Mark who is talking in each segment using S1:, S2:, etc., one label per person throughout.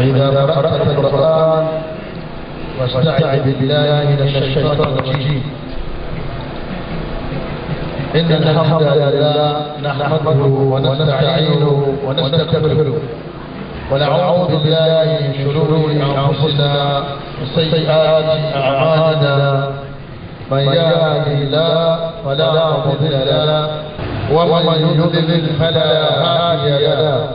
S1: فإذا قرأت القرآن واستعذ بالله من الشيطان الرجيم إن الحمد لله نحمده ونستعينه ونستغفره ونعوذ بالله من شرور أنفسنا وسيئات أعمالنا من يهده الله فلا مضل له ومن يضلل فلا هادي له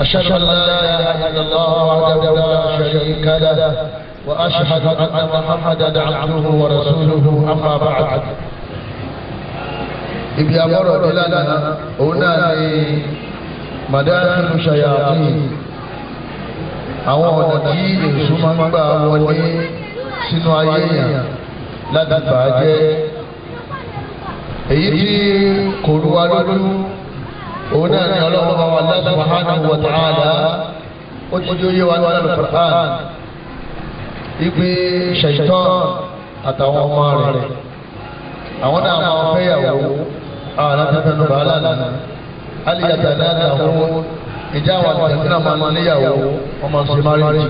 S1: أشهد أن لا إله إلا الله وحده لا شريك له وأشهد أن محمدا عبده ورسوله أما بعد ibi àbọ̀rọ̀ ní lánàá òun náà ni màdáàkìlù ṣàyàmì àwọn ọ̀nà tí èso máa ń gbà wọlé sínú ayé yàn láti bàá jẹ́ èyí tí kò rú wa lójú òun náà ni ọlọ́run bá wà subhanahu wa ta'ala ó ti jó yé wa ní al-Qur'an ipe ṣaitan àtàwọn ọmọ rẹ̀ àwọn náà máa fẹ́ yàwó àwọn tẹ́tẹ́ ló bá lánàá aliyata dáadáa àwọn ìjà àwọn àtẹ̀tẹ̀ náà máa níyàwó ọmọ sí márìjì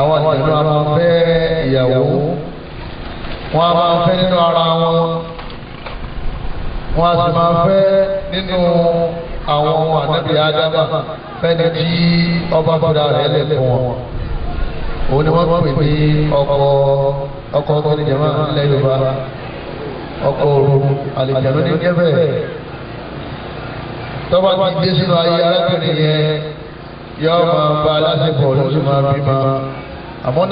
S1: àwọn àtẹ̀tẹ̀ náà fẹ́ ìyàwó wọn a máa fẹ́ nínú ara wọn wọn a sì máa fẹ́ nínú. àwọn ohun ànábì ádámà fẹ́ni tí ọba fúnra rẹ̀ lè fún wọn. òun ni wọ́n pè ní ọkọ̀ ọkọ̀ tó ní yorùbá ọkọ̀ ooru àlìjẹ̀mọ́ ní jẹ́bẹ̀. tọ́ba ti dé sínú ayé arákùnrin yẹn máa bá aláṣepọ̀ lóṣù máa àmọ́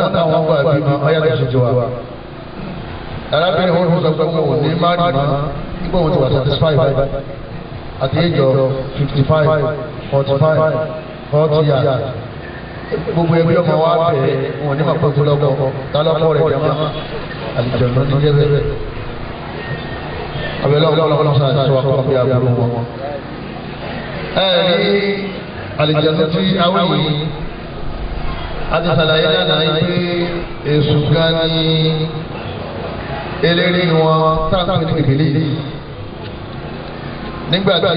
S1: arábìnrin wọn sọ pé ní má nígbà wọn ti wà At the àti ẹjọ fifty five forty five forty yà gbogbo ẹgbẹ́ ọmọ wa bẹ̀ wọn ní màkó tó lọ́kọ́ tálọ́kọ́ rẹ̀ jẹ́ mọ́ àlùjọ̀nù ní jẹ́ bẹ́ẹ̀. abẹ́lẹ́ ọ̀pọ̀lọpọ̀ sáà sọ àkọ́kọ́ bí aburú wọn. ẹ ní àlùjọ̀nù tí awé yìí àti sàlàyé lánàá yìí pé èṣù gan ni eléré wọn táwọn ní kìkìlì yìí nígbà tí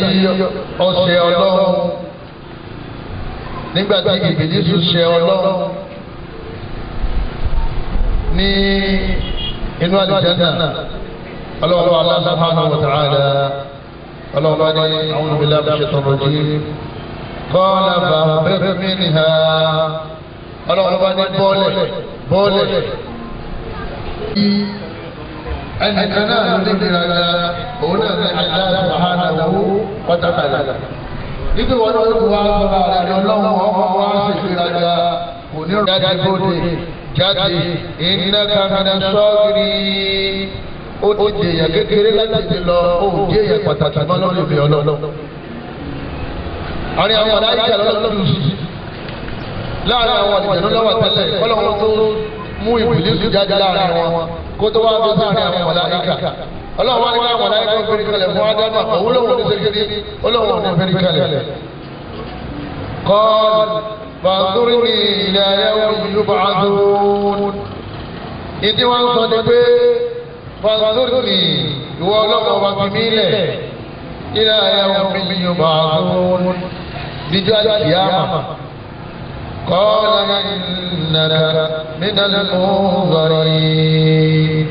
S1: ọsẹ ọlọ́run nígbà tí ìbílísù ṣe ọlọ́run ní inú àlùjánnà ọlọ́run Allah subhanahu wa ta'ala ọlọ́run ní a'udhu billahi minash shaitanir rajim qala fahbit minha ọlọ́run ní bọ́ọ̀lẹ̀ bọ́ọ̀lẹ̀ ẹnìkan náà ló ní ìrìnàjò òun náà ní àdáyà wàhálà náwó pátákàlà ibi wọn ló wá sọ̀rọ̀ àrẹ ọlọ́run ọkọ̀ wá ṣèṣìrajà onírọ̀jà gbòde jáde ìnáka mìíràn sọ́ọ̀rì ó ti jèyàn kékeré láti lọ ó jèyàn pàtàkì mọ́ lórí ìbí ọlọ́run. àárín àwọn ọ̀dà ìjà lọ́lọ́run lù àwọn ọ̀dìjẹ́ tẹ́lẹ̀ kọ́lọ́wọ́ tó mú ìbùdí jáde láàárín wọn kó tó wá fi sáàrin àwọn màláíkà ọlọ́run wá ní ká màláíkà ń fẹ́rí kalẹ̀ fún ádámà òun lòun ní sẹ́kẹ́rì ọlọ́run ní fẹ́rí kalẹ̀. قال فانظرني إلى يوم يبعثون ìdí wọn sọ ni pé fanzurni ìwọ ọlọ́wọ́ wa fi mí lẹ̀ ilé ayé wọn mi yóò bá a lọ́wọ́ níjọ́ àmà. قال إنك من المنظرين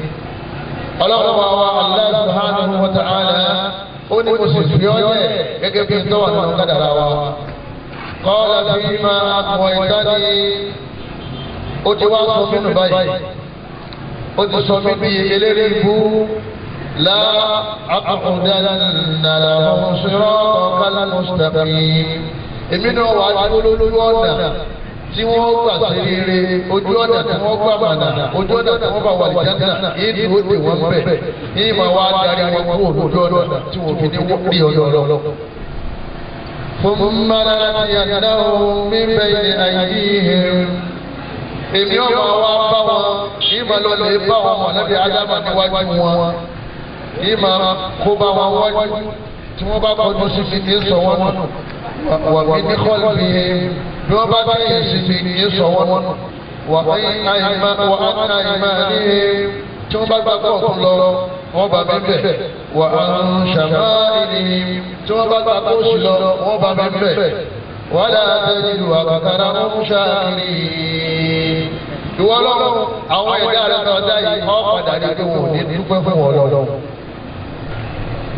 S1: ọlọ́run bá wa Allah subhanahu wa ta'ala ó ní mo sì fi ọ́ lẹ̀ gẹ́gẹ́ bí tọ́wọ́ náà kádàrá wa. qala fima aghwaytani ó ti wá sọ mí nù báyìí ó ti sọ mí bíi eléré ibú la aq'udanna lahum siratakal mustaqim èmi náà wà á dúró lójú ọ̀nà tí wọ́n gbà sí rere ojú ọ̀nà tí wọ́n gbà mànà ojú ọ̀nà tí wọ́n bá wà lìjánà yìí ló dé wọn bẹ̀ yìí máa wá darí wọn kú ojú ọ̀nà tí wọ́n fi ní rí ọ̀dọ̀ lọ. ثم لنأتينهم من بين أيديهم èmi ọmọ wa bá wọn ìmọ̀ ló bá wọn mọ̀ lẹ́bi ádámà níwájú wọn ìmọ̀ kó bá wọn wájú tí wọ́n bá kọjú wọn bí wọ́n bá tẹ̀yìn sí mi ní í sọ wọ́n nù wà á ká ìmá ní tí wọ́n bá gbà pọ̀ tó lọ wọ́n bá mi bẹ̀ wà á ṣàmá ìní tí wọ́n bá gbà pọ̀ sí lọ wọ́n bá mi bẹ̀ wà á tẹ̀yìn lu àbàkàrà ọ̀hún ṣáàrì. ìwọ lọ́wọ́ àwọn ẹ̀dá rẹ̀ náà dá yìí ọ́ padà ní pé wọn ò ní dúpẹ́ fún wọn lọ́wọ́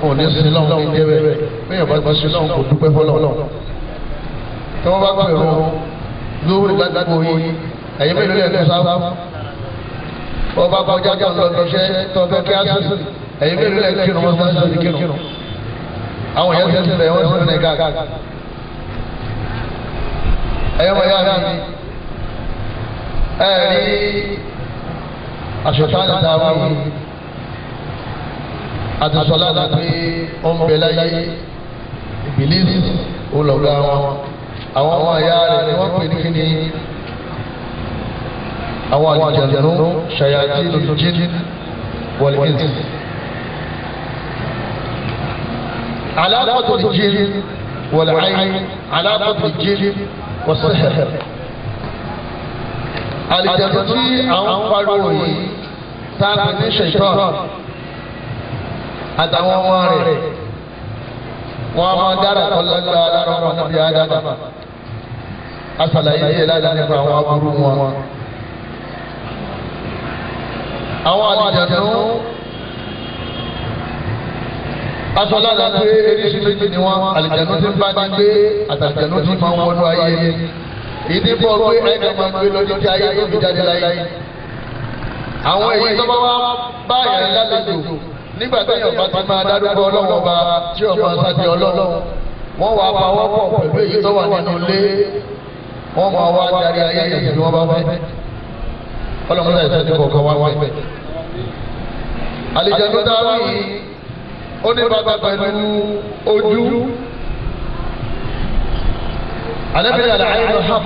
S1: wọn ò ní sin lọ́wọ́ ní jẹ́ bẹ́ẹ̀ bẹ́ẹ̀ bá sin lọ́wọ́ lọ́wọ́ tí wọ́n bá gbà pẹ̀lú lórí ládùúgbò yìí ẹ̀yin mélòó lẹ́nu sáfù wọ́n bá kọjá tó ń lọ lọ́sẹ̀ tó ń fẹ́ kí á sùn ẹ̀yin mélòó lẹ́nu kírun wọn bá sùn kírun àwọn èèyàn tẹ̀sí rẹ̀ wọ́n sùn nìkan ẹ̀yọ́ mọ̀ yára mi ẹ̀rí àṣetánì dára wù àtúnṣọlá láti ọmọbìnrin láyé ìbílẹ̀ olùgbà wọn. àwọn ọmọ ìyá rẹ̀ ni wọ́n pè ní kí ni àwọn àlùjànnú ṣayàtì jìn wọ̀lẹ́tì. علاقة الجن والعين علاقة الجن والسحر àlìjànnú tí àwọn pariwo yìí tá a pè ní ṣèṣọ́n àtàwọn ọmọ rẹ̀ wọ́n á máa dára kọ́ lọ́gbàá lára ọmọ nàbí ádámà. asàlàyé yẹ láti nípa àwọn aburú wọn. àwọn àlùjànnú asọ́lá la pé eréṣin méjì ni wọn àlùjànnú ti ń bá ní gbé àtàlùjànnú ti máa ń wọnú ayé ìdí bọ́ pé ẹ̀ka máa gbé lọ́jọ́ tí ayé tó fi jáde láyé. àwọn èyí tó bá wá báyà lálejò nígbà tí ọba ti máa dárúkọ ọlọ́wọ́ bá tí ọba sáti ọlọ́wọ́ wọ́n wá pawọ́pọ̀ pẹ̀lú èyí tó wà nínú ilé wọ́n máa wá darí ayé ẹ̀sìn ni wọ́n bá fẹ́ ọlọ́mọdé ẹ̀sẹ̀ ní kọ̀ọ̀kan wá wá bẹ̀. àlejò tó dáa yìí ó ní bàbá pẹ̀lú ojú.
S2: Ànábì àlàyé ló ha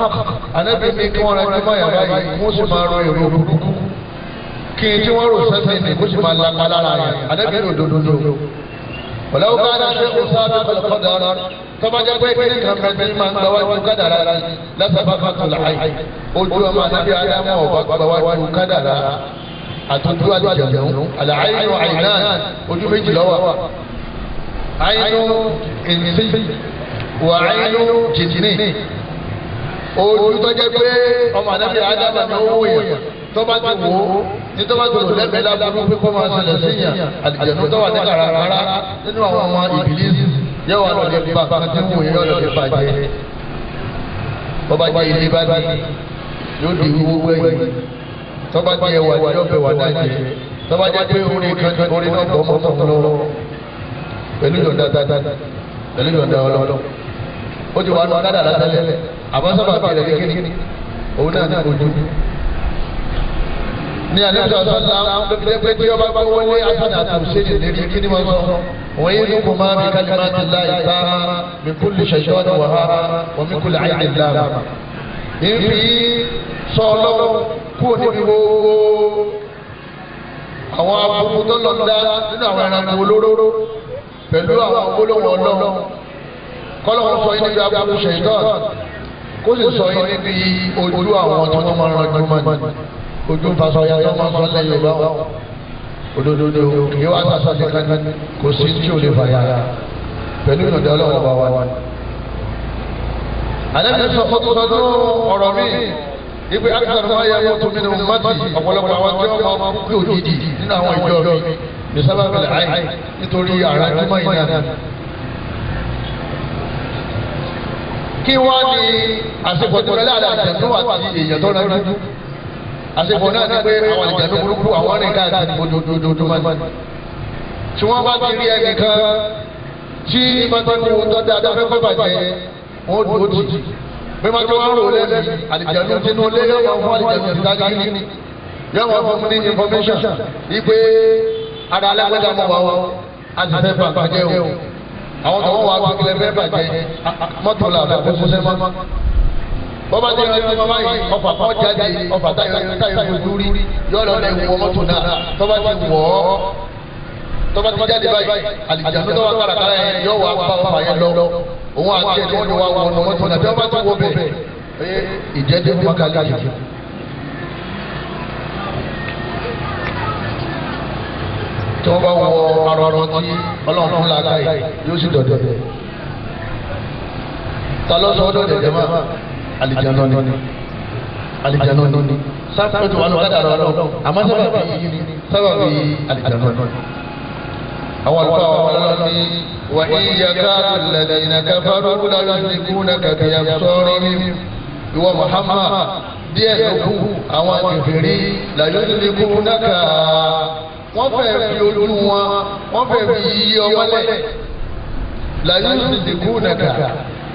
S1: Ànábì mi kí wọ́n rájú mọ́ yàrá yìí wọ́n sì máa ro èrò burúkú kí n tí wọ́n rò sẹ́sẹ́ ní kó sì máa lára yẹn Ànábì ní òdodo wọlé wọn kára ṣe ọsàbẹ ọlọpàá tọmọdé pé kí nǹkan bẹ ní máa ń gbà wájú kádàrá rẹ lọsàbà fàtó làáyé ojú ọmọ anábì ádámù ọba gbà wájú kádàrá àtúntò àjẹjẹun àlàáyé nù àyìnà ojú méjì lọ́wọ́ àyìnù ìnsí wà àyìnù jìnnì ojú tọjẹ pé ọmọ anábì ádámù ni ó wòye tọmọdé wò ó nítorí wọn gbọdọ̀ lẹ́mìí lábúrú pípọ́ máa ṣẹlẹ̀ síyàn àlìjẹ̀nu tó wà ní kàràkàrà nínú àwọn ọmọ ìbílísì yóò wà lọ́dẹ bá kàtí wù yóò lọ́dẹ bá jẹ. bọ́bá jẹ ilé bá di yóò di wíwú wẹ̀yìn tọ́ba jẹ ẹwà yóò bẹ̀ wà dájẹ́ tọ́ba jẹ pé orin kan orin náà bọ̀ mọ́tò lọ́wọ́ pẹ̀lú yọ̀ǹda dáadáa pẹ̀lú yọ̀ǹda ọlọ́lọ́ ó ti wà lọ́dà ní alẹ́ sọ́sọ́lá lókìtẹ́ pé tí ọba gbówó lé asan àtúnṣe ìlérí kí ni wọ́n sọ wọ́n yé nínú máa mi ká lima ti la ìta mi kú lè ṣẹṣẹ ọdún wà ha wọ́n mi kú lè ayé ìlà mà. ìfi sọ ọlọ́wọ́ kú òdìbí gbogbo àwọn abubu tó lọ dá nínú àwọn ẹranko olóró
S2: pẹ̀lú àwọn gbólóhùn ọlọ́run
S1: kọ́lọ́hún sọ yín níbi abubu ṣèṣọ́ kó sì sọ yín níbi ojú àwọn tí máa ń rán jùmọ̀ ojú fasọ ya ọyọ máa ń sọlẹ yorùbá wọn òdododo kì í wá sasọ nìkan kò sí tí o lè fà yàrá pẹ̀lú ìrọ̀dẹ́ ọlọ́wọ́ bá wà ní. àlẹ́ mi sọ fún sọdún ọ̀rọ̀ mi ibi akitọ̀rọ̀ máa yẹ mọ́tò mi ní mo máa ti ọ̀pọ̀lọpọ̀ àwọn tí wọ́n máa kú òjijì nínú àwọn ìjọ mi ní sábà bẹ̀rẹ̀ àì nítorí àrà jùmọ̀ ìnáná. kí wọ́n ní àsìkò tó lẹ́lẹ́ àṣepọ̀ náà ni pé àwọn àlìjáde burúkú àwọn rìn káàkiri ojoojúmọ́ ni. tí wọ́n bá ti rí ẹnìkan tí ìmọ̀tọ́ni tọ́jú adáfẹ́ fẹ́ bàjẹ́ wọ́n dúró jì. bí wọ́n ti wá rò lẹ́sìn àlìjáde tinú lé yọ̀wọ̀ fún àlìjáde ìdájí ní yọ̀wọ̀ fún ní information wípé ara alágbèdá mọ̀ wá wọn á ti fẹ́ bàjẹ́ o àwọn tó wọ́n wá gbàgbé fẹ́ bàjẹ́ mọ́tò làbẹ̀ kó bọ́bá jẹ́ ẹni ọmọ báyìí ọfà kan jáde ọfà táyọ̀ fojú rí yọ lọ mọ́tò náà tọ́ba ti wọ̀ ọ́ tọ́ba ti jáde báyìí àlìjáde tọ́ba kárakára yẹn yọ wà bá yẹn lọ òun àti ẹni ni wà wọ mọ́tò náà tọ́ba ti wọ bẹ́ẹ̀ ìjẹ́jẹ́ fún kàkà yìí. wọ arọrọ tí ọlọ́run fún yóò sì dọ̀dọ̀ alìjẹnú ni alìjẹnú ni sábà tó wà lọ kádà lọ àmọ́ sábà bí sábà bí alìjẹnú ni. àwọn àlùfáà wà lọ sí wà iyaka alladhina kafaru la yuzlikunaka bi absarihim ìwọ Muhammad díẹ̀ lókù àwọn kèfèrí la yuzlikunaka wọ́n fẹ́ fi ojú wọn wọ́n fẹ́ fi yí ọmọlẹ̀ la yuzlikunaka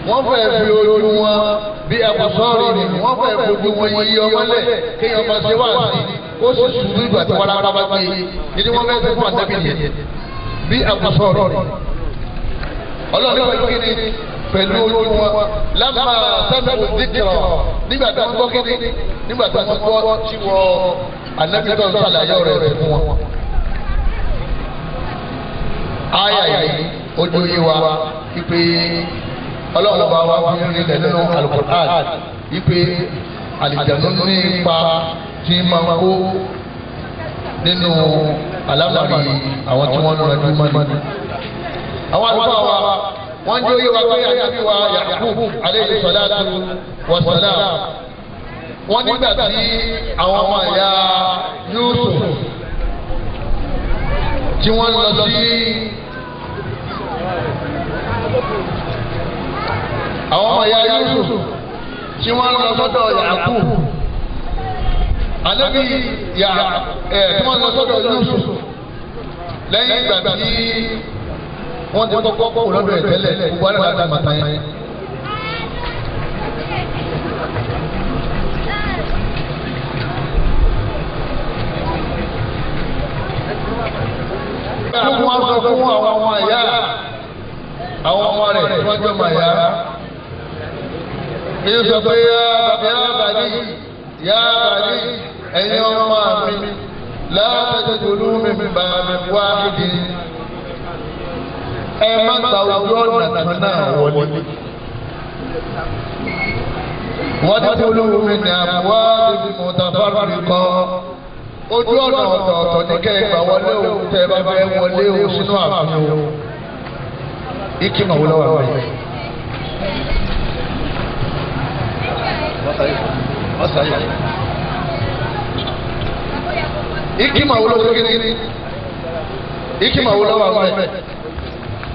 S1: wọ́n fẹ́ fi ojú wọn bí ẹ̀kọ́ sọ́ọ̀rì ni wọ́n fẹ́ fojú wọn yí ọmọlẹ̀ kéèyàn máa ṣe wá sí kó sì sùúrù ìgbà tí wọ́n rárá bá gbé yé ni wọ́n fẹ́ fi fún àtẹ́bí yẹn bí ẹ̀kọ́ sọ́ọ̀rì ni. ọlọ́run ní kí ni pẹ̀lú ojú wọn lámà sábẹ́wò dídìrọ̀ nígbà tí wọ́n gbọ́ kí ni nígbà tí wọ́n gbọ́ tí wọ́n anábìtọ̀ sàlàyé rẹ̀ fún wọn. áyà yìí ojú yìí wa ipe ọlọ́run bá wá fi rí lẹ̀ nínú alukur'an wípé àlìjánu ní ipa tí máa kó nínú alámàrí àwọn tí wọ́n lọ́ra jùmọ̀ ní. àwọn àlùfáà wa wọ́n jó yíwa pé àyàfi wa Yakub aleyhi salatu wa salam wọ́n nígbà tí àwọn ọmọ ẹ̀yà Yusuf tí wọ́n lọ sí. àwọn ọmọ ìyá Yusuf tí wọ́n lọ sọ́dọ̀ Yàkú alẹ́ bí yà ẹ̀ tí wọ́n lọ sọ́dọ̀ Yusuf lẹ́yìn ìgbà tí wọ́n ti kọ́kọ́ kọ́ òlọ́dọ̀ ẹ̀ tẹ́lẹ̀ gbogbo ara láti màtá yẹn. Àwọn ọmọ rẹ̀ tí wọ́n jẹ́ ọmọ ìyá ní sọ pé yá bàdí
S2: yá bàdí
S1: ẹ̀yin ọmọ mi láàbẹ̀tẹ̀ tòlú mi bá mi wá ìdí. ẹ má gba ojú ọ̀nà kan náà wọlé. wọ́n ti tòlú mi ní àbúwá ibi mọ̀tàfàrà ojú ọ̀nà ọ̀tọ̀ọ̀tọ̀ ní kẹ́ ìgbà wọlé òun tẹ́ bá fẹ́ wọlé òun sínú àfihàn. ikí màwúlọ́wọ́ rẹ̀ ikima wo lọ́wọ́ gẹ́gẹ́ ikima wo lọ́wọ́ àwọn ẹ̀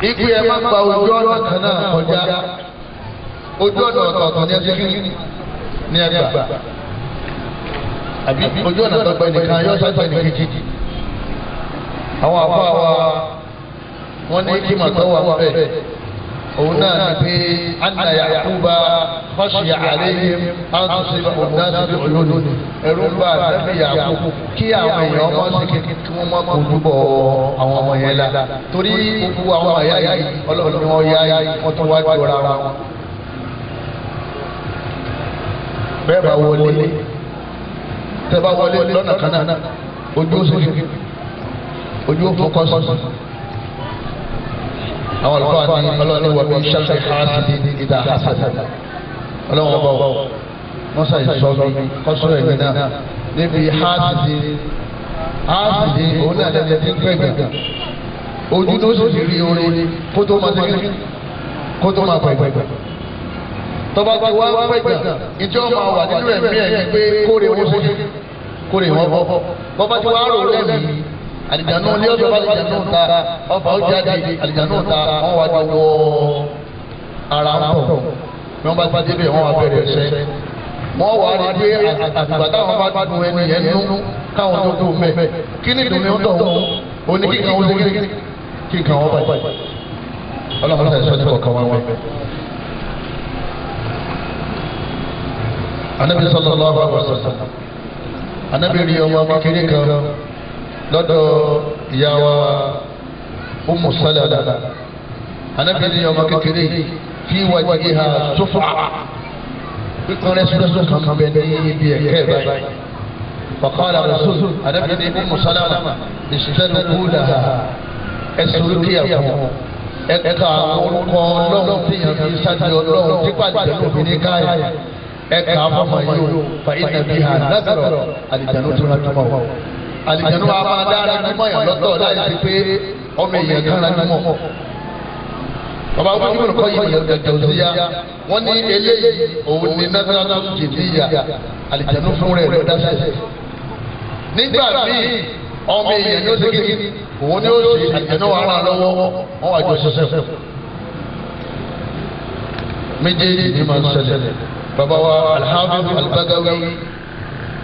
S1: ikú ẹ má gba ojú ọ̀nà kan náà kọjá ojú ọ̀nà ọ̀tọ̀ọ̀tọ̀ ní ẹgbẹ́ gẹ́gẹ́ ní ẹgbà àbí ojú ọ̀nà tó gba ẹnìkan yọ sátọ̀ ẹnìkan kejì àwọn àbá wa wọ́n ní ikima tó wà wọ́n bẹ́ẹ̀ òun náà ti pé anna yakuba fásiyà àlẹyìn àtúnṣe ọ̀nà síbi olódò ẹ̀rú ń bá àtẹ́bí yakubu kí àwọn èèyàn ọmọ sí kí wọ́n má kó dúbọ̀ àwọn ọmọ yẹn la torí gbogbo àwọn àyà yìí ọlọ́run wọn yá yìí wọ́n tún wá jọra wọn. bẹ́ẹ̀ bá wọlé tẹ́ bá wọlé lọ́nà kan náà ojú ó ojú ó fọkọ́ àwọn àlùfáà ní ọlọ́ọ̀ni wọ̀ ní sẹ́lẹ̀ káàtì ìdá hasad ọlọ́wọ́n bọ̀ wọ́n sàì sọ mi kọ́sọ́ ẹ̀mí náà níbi hasad hasad òun náà lẹ́nu ti gbẹ̀ gbẹ̀ ojú ló sì rí orí kótó máa tẹ́lẹ̀ kótó máa pẹ̀ pẹ̀ tọ́ba ti wá pẹ̀gà ìjọ máa wà nínú ẹ̀mí ẹ̀ pé kórè wọ́n bọ́ kórè wọ́n bọ́ bọ́ba ti wá rò lẹ́yìn
S2: àlìjánu ní ọjọ́ bá àlìjánu ta ọba ó jáde àlìjánu ta
S1: wọ́n wá jọ wọ ara ń pọ̀ bí wọ́n bá ti débẹ̀ wọ́n wá bẹ̀rẹ̀ ẹsẹ̀ wọ́n wá rí pé àtìgbà táwọn bá dùn ẹni yẹn nú káwọn tó dùn mẹ́ kí ni dùn ní ń tọ̀hún oníkíkan ó dégé kíkan ó bàjẹ́ ọlọ́run tẹ̀sán ní kọ̀ọ̀kan wá wá bẹ́ẹ̀. anabi sallallahu alaihi wasallam anabi rí ọmọ kékeré kan lọ́dọ̀ ìyá wa Ummu Salama anabi ni ọmọ kékeré fi wajhiha sufa kíkan rẹ sọdọsọdọ kankan bẹ ní ibi ẹkẹ báyìí fakala rasul anabi ni Ummu Salama ìṣẹlẹ kúlà ẹsùn lókè àwọn ẹka àwọn orúkọ Ọlọ́run tí yàn fi Ọlọ́run tí pàdé obìnrin káyà ẹka àwọn yìí fa ìdàbí ha lágbàrọ àdìjànú tó rájú mọ àlìjẹnu wa máa dára ní mọyàn lọ́tọ̀ láì sí pé ọmọ èèyàn kan ra ní mọ bàbá wọn kí wọn kọ yìí yọ gẹ́gẹ́ òsì ya wọn ní eléyìí òun ní nàdàdà jìbì ya àlìjẹnu fún rẹ ló dáṣẹ nígbà míì ọmọ èèyàn ní ó ṣe kékeré òun ní ó ṣe àlìjẹnu wa ràn lọ́wọ́ wọn wà jọ ṣẹṣẹ méjèèjì ni màá ṣẹlẹ̀ bàbá wa alhamdulilayi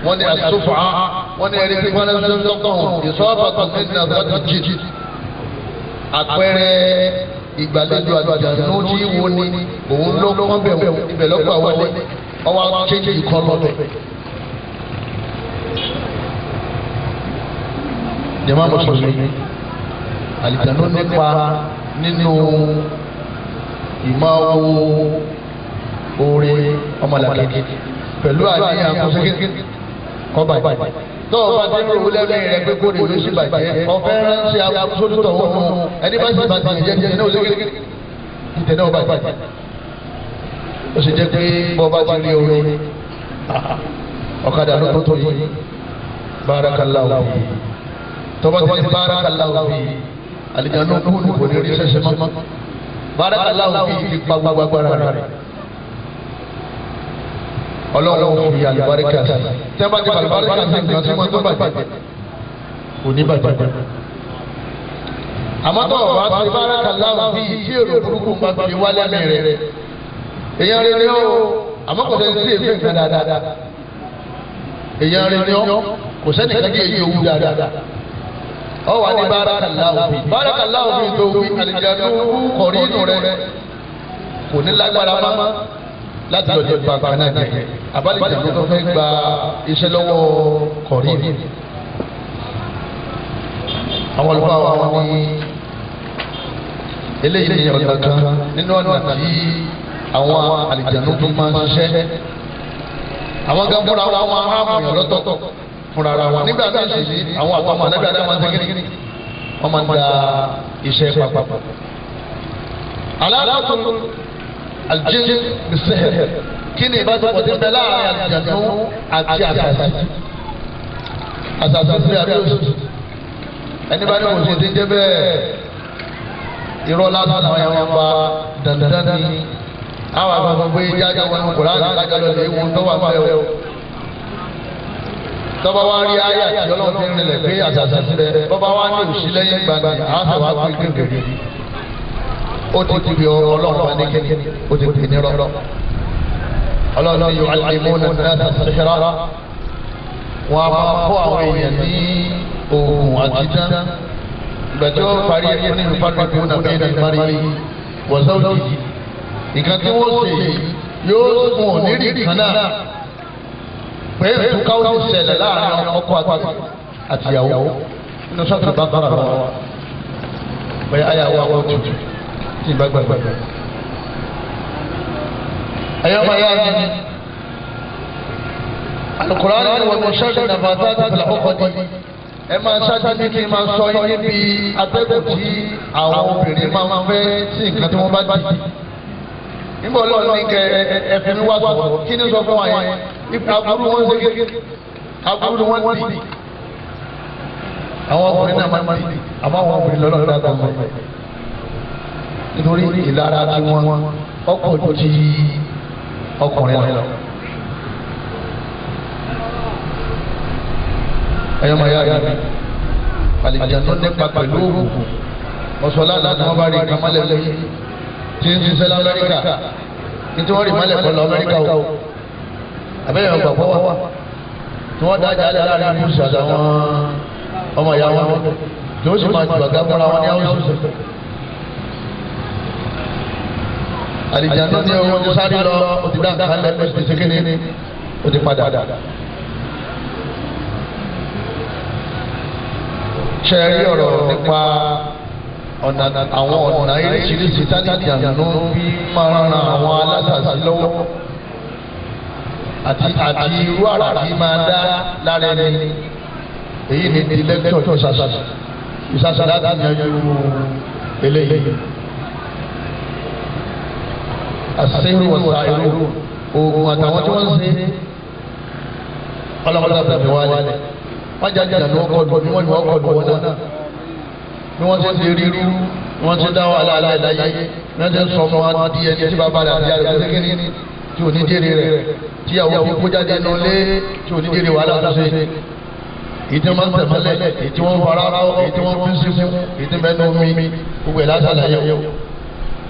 S1: wọ́n ní àtúfà wọ́n ní ẹ̀rí pípa lẹ́sẹ̀ lọ́kàn ìsọ́bàtàn nínú àgbàdo jì àpẹẹrẹ ìgbàlejò àjànú tí wo ni òun ló kọ́ bẹ̀ ibẹ̀ lọ́pọ̀ àwọn ẹni ọwọ́ akéjì kan lọ́bẹ̀. jàmá mùsùlùmí àlìjànú nípa nínú ìmáwo oore ọmọlàkejì pẹ̀lú àdéhùn àkọsẹ́kẹ́kẹ́ kọ́ bàjẹ́ tó o bá dé lóru lẹ́nu rẹ pé kó lè lóṣù bàjẹ́ ọ̀fẹ́ ránṣẹ́ abúlótọ̀ wọn ẹni bá sì bàjẹ́ jẹ́ jẹ́ náà lórí ìtẹ̀ náà bàjẹ́ ó sì jẹ́ pé bọ́ bá ti rí orin ọ̀kadà ló tó tó yìí bárakàláwù tọ́ba ti ní bárakàláwù yìí àlejò àná kúrò níbo ní orí ṣẹ̀ṣẹ̀ mọ́ bárakàláwù ti pa gbàgbàgbà rẹ̀ ọlọ́run fi àlùbáríkà tẹ́ bá ti àlùbáríkà sí nǹkan tí wọ́n tó bàjẹ́ kò ní bàjẹ́. àmọ́ tó o bá ti bárakà láwọn bíi tí èrò burúkú bá fi wálé àmì rẹ̀ èèyàn rẹ̀ ni ó àmọ́ kò sẹ́ni sí èéfín kan dáadáa èèyàn rẹ̀ ni ó kò sẹ́ni kan kí èyí òwú dáadáa ọ wà ní bárakà láwọn bíi bárakà láwọn bíi tó wí àlìjáde kọ̀rí inú rẹ̀ kò ní lágbára máma láti lọ́jọ́ ìgbà kan náà jẹ́ àbálìjà ló fẹ́ gba iṣẹ́ lọ́wọ́ kọ̀rìnì àwọn olùkọ́ àwọn wọn ní eléyìí ní ọ̀nà kan nínú ọ̀nà tí àwọn àlìjànú tó máa ń ṣiṣẹ́
S2: àwọn gan fúnra wọn wọn
S1: á mọ̀ yàn lọ́tọ̀ fúnra wọn nígbà náà sì sí àwọn àpamọ́ àlẹ́bí àdá máa ń tẹ́kẹ́rì wọ́n máa ń da iṣẹ́ papọ̀. aláàtò aljẹ́ bisẹ́hẹ̀ẹ́ kí ni ìbáṣepọ̀ ti bẹ láàrin àjàdú àti àtàtà àtàtà sí àbíòsì ẹni bá ní kò sí ti jẹ́ bẹ́ẹ̀ irọ́ lásán àwọn ẹ̀wọ̀n pa dandan ní àwọn àgbàgbọ́ pé jáde wọn kò láti lájà lọ lè wọn tọ́wọ́ àbẹ́ o tọ́ba wa rí ayé àti ọlọ́run ti rinlẹ̀ pé àtàtà sí bẹ bọ́ba wa ní òsì lẹ́yìn gbàgbà àtàwà pé kékeré ó ti kiri ọlọ́run ní kékeré ó ti kiri ní rọ́rọ́ ọlọ́run ní yu'allimuna an-nasa as-sihra wọn a máa kó àwọn èèyàn ní oògùn àti dán gbẹjọ parí ẹni ní ìfàdùkú nàbẹ ìdàgbàrí wọ̀sáwùjì ìkan tí wọ́n ṣe yóò sùn onírì kan náà pé ìtúkáwọ́ ti ṣẹlẹ̀ láàrin ọkọ àtìyàwó nínú sọ́kàtà bá bára wa bẹ́ẹ̀ ayáwó àwọn ọmọ tuntun tí ìbá gbàgbàgbà ẹ̀yọ́ máa yá ni. alukóraani ni wọ́n ṣáàjì nàbàtà àtàlà ọkọ̀ di. ẹ máa ṣáàjì ní kí n máa sọ yín níbi atẹ́gùn tí àwọn obìnrin máa ń fẹ́ sí nǹkan tí wọ́n bá dì. nígbà olóòlù ní kẹ ẹfẹ mi wá sọ kí ni sọ fún wa yẹn ipa aburú wọn ṣe kékeré aburú wọn dì. àwọn ọkùnrin náà máa ń dì àmọ́ àwọn obìnrin lọ́lọ́ọ̀ dáadáa mọ́ nítorí ìlara tí wọ́n ọkọ̀ tó ti yí ọkùnrin lọ. ẹyọ máa yá yá mi àlìjáde nípa pẹ̀lú òògùn ọ̀ṣọ́lá náà tí wọ́n bá rí nǹkan mọ́lẹ̀ lẹ́yìn tí ń ṣiṣẹ́ lamẹ́ríkà ní tí wọ́n rí mọ́lẹ̀ pẹ̀lú amẹ́ríkà o àbẹ́yẹ̀ ọgbà pọ́wọ́ wa tí wọ́n dájà alẹ́ aláàrin ní àtàwọn ọmọ ìyá wọn tí ó sì máa gbàgbà wọn ní àwọn oṣù àlìjáde ní owó ti sáré lọ o ti dá nǹkan lẹ́nu ti ṣe kíni o ti padà. ṣe rí ọ̀rọ̀ nípa ọ̀nà àwọn ọ̀nà irisirisi tánìkì àná bí máa ń ran àwọn alásàsí lọ́wọ́ àti àti irú àrà yìí máa dá lára ẹni èyí ni ti lẹ́tọ̀ọ́ ìsàsà ìsàsà láti yanjú eléyìí àṣeyìrì wọ̀ sàìrù oògùn àtàwọn tí wọ́n ń ṣe ọlọ́mọdé àbẹ̀mí wa lẹ̀ wọ́n jẹ́ àjẹ́ àdúgbò kọ́ọ̀dù ni wọ́n ní wọ́n kọ́ọ̀dù wọn náà bí wọ́n ti ń di ríru wọ́n ti dá wàhálà aláìlá yé wọ́n ti ń sọ ọmọ wọn di ẹni tí bàbá rẹ̀ àti àrẹ̀ tó kékeré tí ò ní jèrè rẹ̀ tí àwọn ọmọ kó jáde nù lé tí ò ní jèrè wàhálà tó ṣe ìdí wọn tẹ̀ ìdí wọn fara rọ ìdí wọn fi ń sinmi ìdí mẹ́nu mi gbogbo ẹ̀ lásàlàyé o.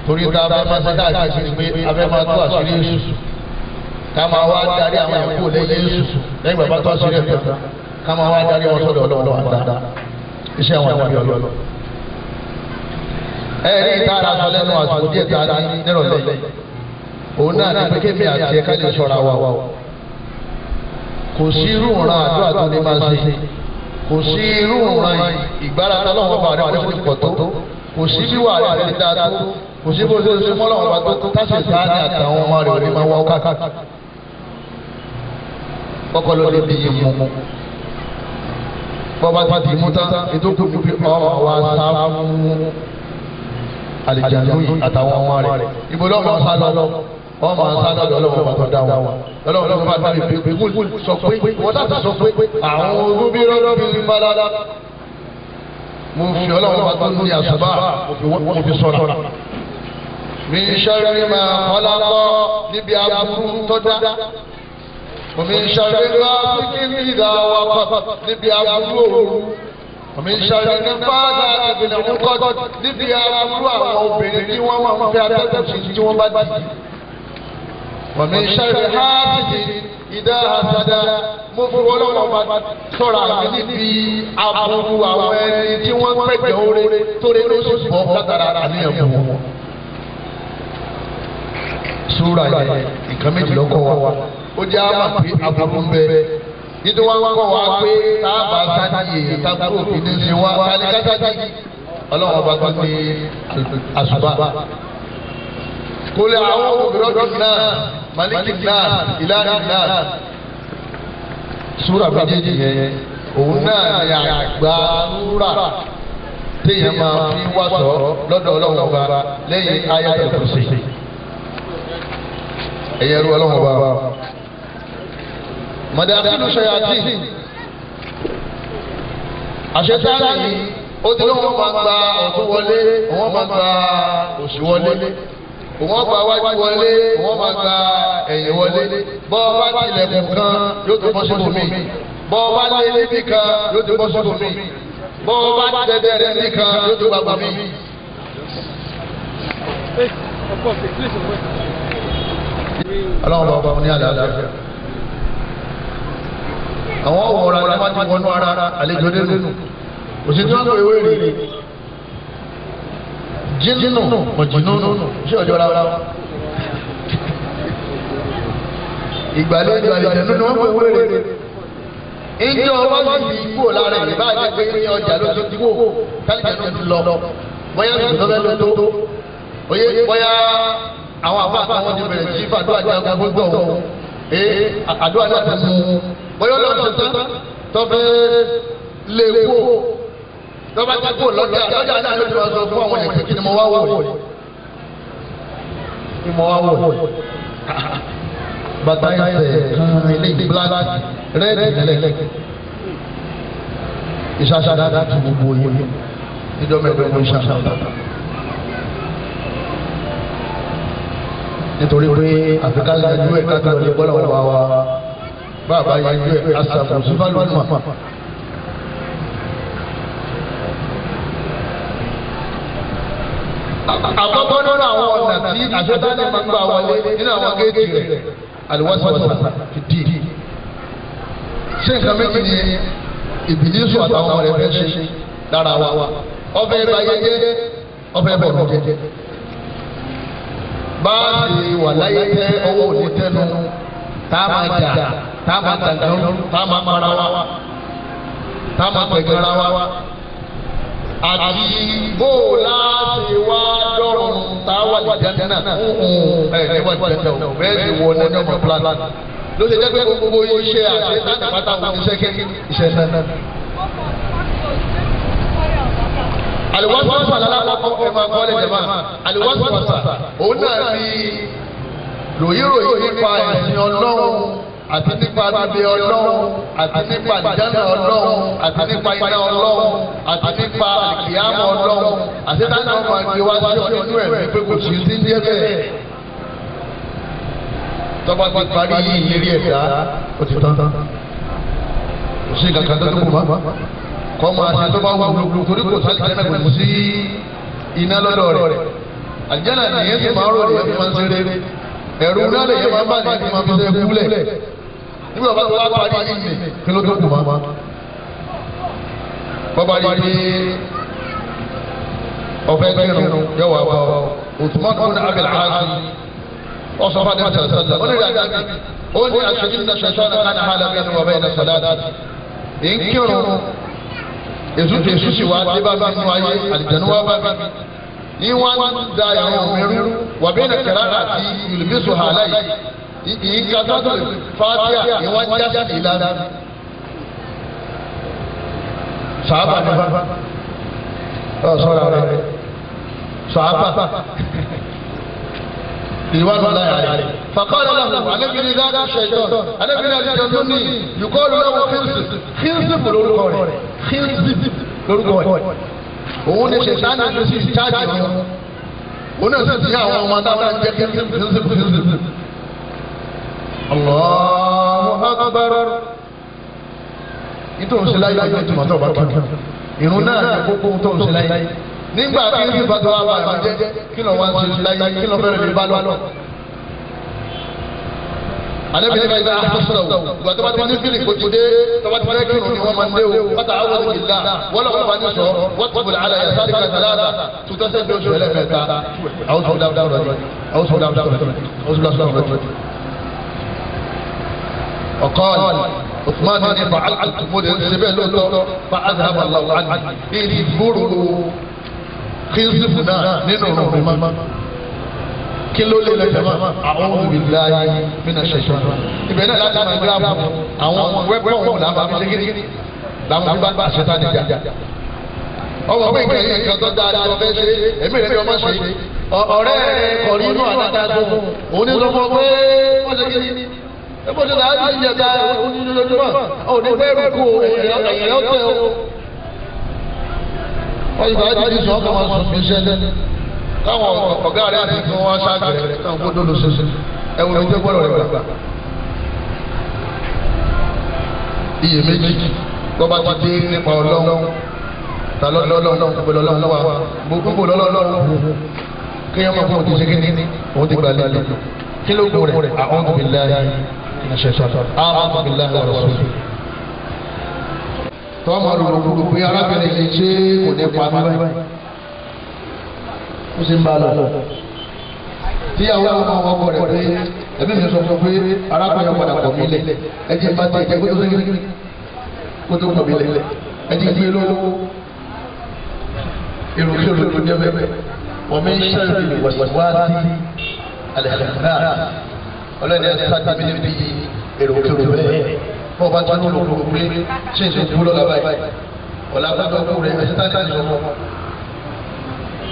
S1: torí ta abẹ́ máa ṣe káàkiri pé abẹ́ máa tó àṣírí èṣù ká máa wá darí àwọn ìyàwó lẹ́yìn èṣù lẹ́yìn bàbá tó àṣírí ada ká máa wá darí wọn sọ́dọ̀ ọlọ́wọ́ àdá iṣẹ́ àwọn ìyàwó ọlọ́wọ́. ẹ ní ìtara sọ lẹ́nu àsìkò díẹ̀ tá a ní nírọ̀lẹ́ òun náà ní àti ẹ̀ka lè o kò sí irú ìran àdúrà tó ní máa ṣe kò sí irú ìran ìgbára tó lọ́wọ́ kò sí bó ṣe ṣe mọ́lọ́ wọn bá tó táṣì sáánì àtàwọn ọmọ rẹ̀ ní máa wá káàkiri kọ́kọ́ ló lè bí imú mu bọ́ba ti mú tán ètò kù ní pípọ́ wa sá fún àlìjánu yìí àtàwọn ọmọ rẹ̀ ibo lọ́wọ́ wọn sá lọ wọ́n máa ń sá lọ́dọ̀ ọlọ́wọ́ bá tó dá wọn lọ́wọ́ lọ́wọ́ bá dábì pé wọ́n sọ pé wọ́n láti sọ pé àwọn olúbí rọ́bì ń bá dáadáa mo fi ọlọ́wọ́ bá tó ní àṣàbà mo fi sọ̀rọ̀ mi sọ́rí máa kọ́lá lọ níbi aburú tó dá.
S2: Omi sọ́rí lọ sí kí ìdá wa
S1: pọ̀ níbi aburú òru. Omi sọ́rí ní fáadà ìbìlẹ̀ ńkọ́ níbi aburú àwọn obìnrin tí wọ́n máa ń fẹ́ atẹ́tẹ́ sí tí wọ́n bá dì. Omi sọ́rí háàdì ìdá àtàdá mo fi wọ́n lọ́wọ́ sọ̀rọ̀ àmì níbi aburú àwọn ẹni tí wọ́n pẹ̀jọ́ oore tó lé lóṣù bọ́ látara àníyàn fún wọn súra yẹn nǹkan méjì lọ́kọ̀ wa ó jẹ́ àmà pé aburú ń bẹ nítorí wọn kọ́ wa pé táàbà sáàjì èèyàn tábúrò kì í ṣe wá kálíkátàjì ọlọ́run ọba tó ní àṣùbà kò lè àwọn obìnrin náà maliki náà ìlànà náà súra méjèèjì yẹn òun náà yà gbà rúra téèyàn máa fi wá sọ lọ́dọ̀ ọlọ́run ọba lẹ́yìn ayé ẹ̀kọ́ sí ẹ̀yẹ ru ọlọ́run ọba mọ̀dàkínú ṣayàtì àṣetára yìí ó ti lóun máa gba ọ̀tún wọlé òun máa gba òsì wọlé òun gba wájú wọlé òun máa gba ẹ̀yìn wọlé bọ́ ọ bá tilẹ̀kùn kan yóò tó bọ́ síbò bọ́ bá lé níbì kan yóò tó bọ́ síbò bọ́ bá dẹ́dẹ́ rẹ̀ nìkan yóò tó gbàgbọ́ mí ọlọ́run bá ọba wọn ní àlàáfíà àwọn ọ̀wọ̀ra ni wọ́n ti wọnú ara àlejò dénú òṣèlú wọn kò ewé rèé jínú ọ̀jìnú ṣé ọjọ́ ra wa ìgbàlejò àlejò nínú wọn kò ewé rèé ìjọ ọba ti kú lára ìbá àti pé ní ọjà ló ti kú kálíjà ló ti lọ bóyá ìgbàlejò ló tó bóyá àwọn àbá àwọn ti bẹ̀rẹ̀ sí fàdúrà jagun gbogbo ọ̀hún ee àdúrà náà ti mú bọ́yọ́ lọ́dọ̀ tán tọ́fẹ́ lé wò e tọ́ba ti lọ́jà lọ́jà náà ló ti wá sọ fún àwọn ẹ̀kẹ́ kí ni mo wá wò yìí ni mo wá wò yìí bàtà ẹsẹ̀ kan ilé ìgbìlá rẹ́ẹ̀dì lẹ́lẹ̀ ìṣàṣàdá tó gbogbo yìí níjọ́ mẹ́fẹ́ ló ń nítorí pé àfikàlà ju ẹ̀ ká tó lọ lè bọ́lá wọn wá wá bàbá yẹn ju ẹ̀ àṣàbò sífàlù mọ̀. àkọ́kọ́ nínú àwọn ọ̀nà tí àṣetánì máa ń gbà wọlé nínú àwọn géèjì rẹ̀ àlùwọ́sọ̀wọ́sọ̀ fìdí. ṣé nǹkan méjì ni ìbílísù àtàwọn ọ̀rẹ́ fẹ́ ṣe lára wa ọbẹ̀ ìgbà yẹyẹ ọbẹ̀ ìbọ̀rọ̀ jẹjẹ báàsì wà tẹ ọwọ́ òní tẹnu tá jà tá a máa tàǹkàrú wa tá a máa wa àti bóòlá ṣe wá dọ́rùn tá a wà jẹ́jẹ́ ẹ̀ ẹ̀ wà jẹ́jẹ́ o bẹ́ẹ̀ ni wọ́n ní ọmọ plan ló ṣe pé gbogbo iṣẹ́ àti ẹ̀ta pátá wọn iṣẹ́ iṣẹ́ náà. àlùwàsíwàsà lálàkọ́kọ́ ẹ máa kọ́ lẹ́jẹ̀ máa àlùwàsíwàsà òun náà fi ròyìnròyìn nípa ẹ̀sìn ọlọ́run àti nípa abẹ ọlọ́run àti nípa ìdáná ọlọ́run àti nípa iná ọlọ́run àti nípa ìkìyàmọ̀ ọlọ́run àti táwọn ọmọ àgbẹ̀ wá sí ọdún ẹ̀mí pé kò sí sí ní ẹ̀fẹ̀. tọ́ba ti parí yìí lérí ẹ̀dá ó ti tán tán kò sí kankan tó tó kù mọ́ kọ́ máa ṣe tó bá wà gbogbo torí kò sálì jẹ́nà kò sí iná lọ́dọ̀ rẹ̀ àjẹ́nà nìyẹn sì máa rọrùn yẹn fi máa ń ṣeré ẹ̀rù náà lè yẹ máa bá nìyẹn máa fi ṣe kúlẹ̀ nígbà bá tó wá parí ìsìn kí ló tó kù máa bọ́bá rí bí ọ̀fẹ́ kírun yóò wá bọ̀ Uthman ibn Abil As ọ̀sán fún adé sàlẹ̀ ó èso tó èso sì wá dé bá mi nínú ayé àlìjánu wá bá mi ní wọn da ìyàwó mi rú wà bẹ́ẹ̀ nà kẹrẹ́ àti ìlúmísù hàlá yìí ìyí kata tó fàtíà ní wọn já sí ìlànà sàábà ní bá ọ sọ̀rọ̀ rẹ sàábà ìwádìí ọ̀la yàrá rẹ̀. Fàkọ́lá lọ́wọ́ alẹ́bìnrin dáadáa ṣẹ̀dọ̀ alẹ́bìnrin àti ìjọ tó ní ìkọlù lọ́wọ́ fíìsì fíìsì bùrọ̀ lọ́wọ́ rẹ̀. Khilzib lórúkọ ẹ̀ òun ni ṣètàn ní ìlú sí chájì wọn òun náà sì ti àwọn ọmọ adáwọn jẹ Khilzib Khilzib Khilzib. Allahu Akbar ìtò ń ṣe láyé láyé ìtumọ̀ tó bá kí irun náà ní kókó tó ń ṣe láyé nígbà tí ìrìn bàtà wà bàjẹ́ kí ló wá ń láyé kí ló fẹ́rẹ̀ lè bá lọ́wọ́ anabi ní báyìí náà sọ̀rọ̀ o ìgbà tó bá ti ní fílì kojú dé tọ́ba ti fẹ́ kírun ni wọ́n máa ń dé o pátá àwọn ọ̀rọ̀ ìlà wọ́n lọ́wọ́ bá ní sọ wọ́n ti bùrẹ̀ àlàyé sáré kan sàlá tuntun sẹ́gbẹ̀ẹ́ oṣù ẹlẹ́mẹ̀ta àwọn sọ̀rọ̀ dáadáa rẹ̀ àwọn sọ̀rọ̀ dáadáa rẹ̀ àwọn sọ̀rọ̀ dáadáa rẹ̀ ọ̀kọ́ọ̀lì عثمان بن فعلت مدن سبيل فأذهب الله عني إني برلو خيصفنا ننو رمان kí ló lé lọ jama àwọn olùdílé ayé mina ṣẹṣẹ ibẹ̀ náà láti máa gbéra fún àwọn wẹpọọmù làwọn fi ṣégiri làwọn fi bá ṣẹta níjà ọmọ mi kẹ yín kan tó dáadáa lọ fẹ́ ṣe èmi rẹ ni ọmọ ṣe ọ̀rẹ́ kọrí inú àtàtà tó òun ní sọ fún ọ pé wọn ṣe kiri ebi o ti ta ayi jẹ ta ojoojúmọ́ ọ ní bẹ́ẹ̀ kú ẹyọ tẹ o. wọ́n yìí bá a ti sọ ọkọ̀ wọn sọ fi ṣẹlẹ̀ táwọn ọ̀gá rẹ̀ àti kí wọ́n ṣáàgì rẹ̀ táwọn kó dólo ṣoṣo ẹ̀wọ̀n ìjọ gbọ́dọ̀ rẹ̀ gbà. iye méjì bọ́ba ti dé nípa ọlọ́run ta lọ́lọ́lọ́run gbọ́dọ̀ lọ́lọ́run wa gbogbo lọ́lọ́run kí wọ́n máa fún òtún ṣe kíni òun ti gbà lẹ́lẹ́ kí ló gbọ́ rẹ̀ àwọn ọmọ mi láyé àwọn ọmọ mi ọ̀rọ̀ sọ̀rọ̀ ó sì ń bá a lọ. tí àwọn ọmọ ọmọ ọkọ rẹ pé ẹbí mi sọ fún pé arákùnrin padà pọ̀ mí lẹ̀ ẹjẹ bá ti ẹjẹ kótó sẹ́yìn kótó pọ̀ mí lẹ̀ ẹjẹ gbé lọ́wọ́ èrò kí olóòtú jẹ́ bẹ́ẹ̀ wọ́n mi ń ṣàlùfẹ́ wàsíwáàtì alẹ́kùnrin ọlọ́ni ẹ̀ sáà tàbí níbi èrò kí olóòtú bẹ́ẹ̀ bọ́ọ̀ bá tọ́jú olóòtú pé ṣé ìṣèjú lọ́la báyìí ọ̀làbàdàn kúrẹ́ ẹ̀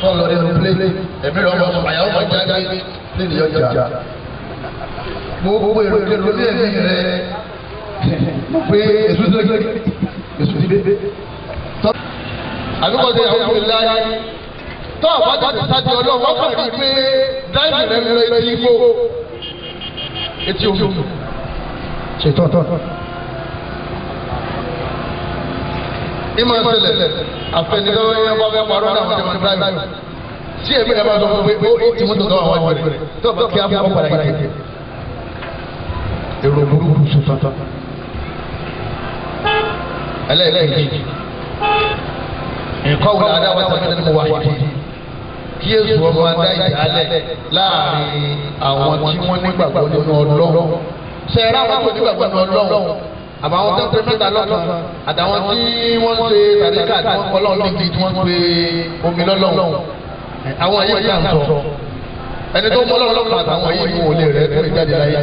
S1: tó ń lọ nínú plé ẹ̀mí rẹ̀ ọmọ àyàwó máa jáde plé ni yọjà gbogbo èrò kẹlò ní ẹ̀mí rẹ̀ mo pe èso tó lé èso ti dé àbíkọ́ ṣe àwọn ìlú láyé tó àbájá ti sáájú ọlọ́run wọ́n pàdé pé dáìbì rẹ̀ ń lọ etí igbó etí omi ṣètò ìmọ̀ ìṣẹ̀lẹ̀ àfẹnidọ́wọ́ yẹn bá fẹ́ parọ́ náà wọ́n ti wọ́n dáyọ̀ tí èmi ẹ̀ bá sọ fún mi pé ó ti mú tó dọ́wọ́ àwọn ìwé rẹ̀ tó bá kí á fọ́ padà yìí. èrò burúkú sùn fata ẹlẹ́ẹ̀kejì nǹkan wò ládàá wà sàkẹ́lẹ́ ní wà yìí kí èso ọmọ adá ìdálẹ̀ láàrin àwọn tí wọ́n nígbàgbọ́ nínú Ọlọ́run ṣe é ráwọn tó nígbàgbọ́ nínú Ọlọ́run àbáwọn tó ń pe mẹ́ta lọ́kàn àtàwọn tí wọ́n ṣe tàríkà tí wọ́n kọ́lọ́ níbi tí wọ́n pe omi lọ́lọ́hùn àwọn ayé ìyá ń sọ ẹni tó mọ́ lọ́lọ́kàn àtàwọn ayé ìwò lè rẹ̀ tó lè jáde láyé.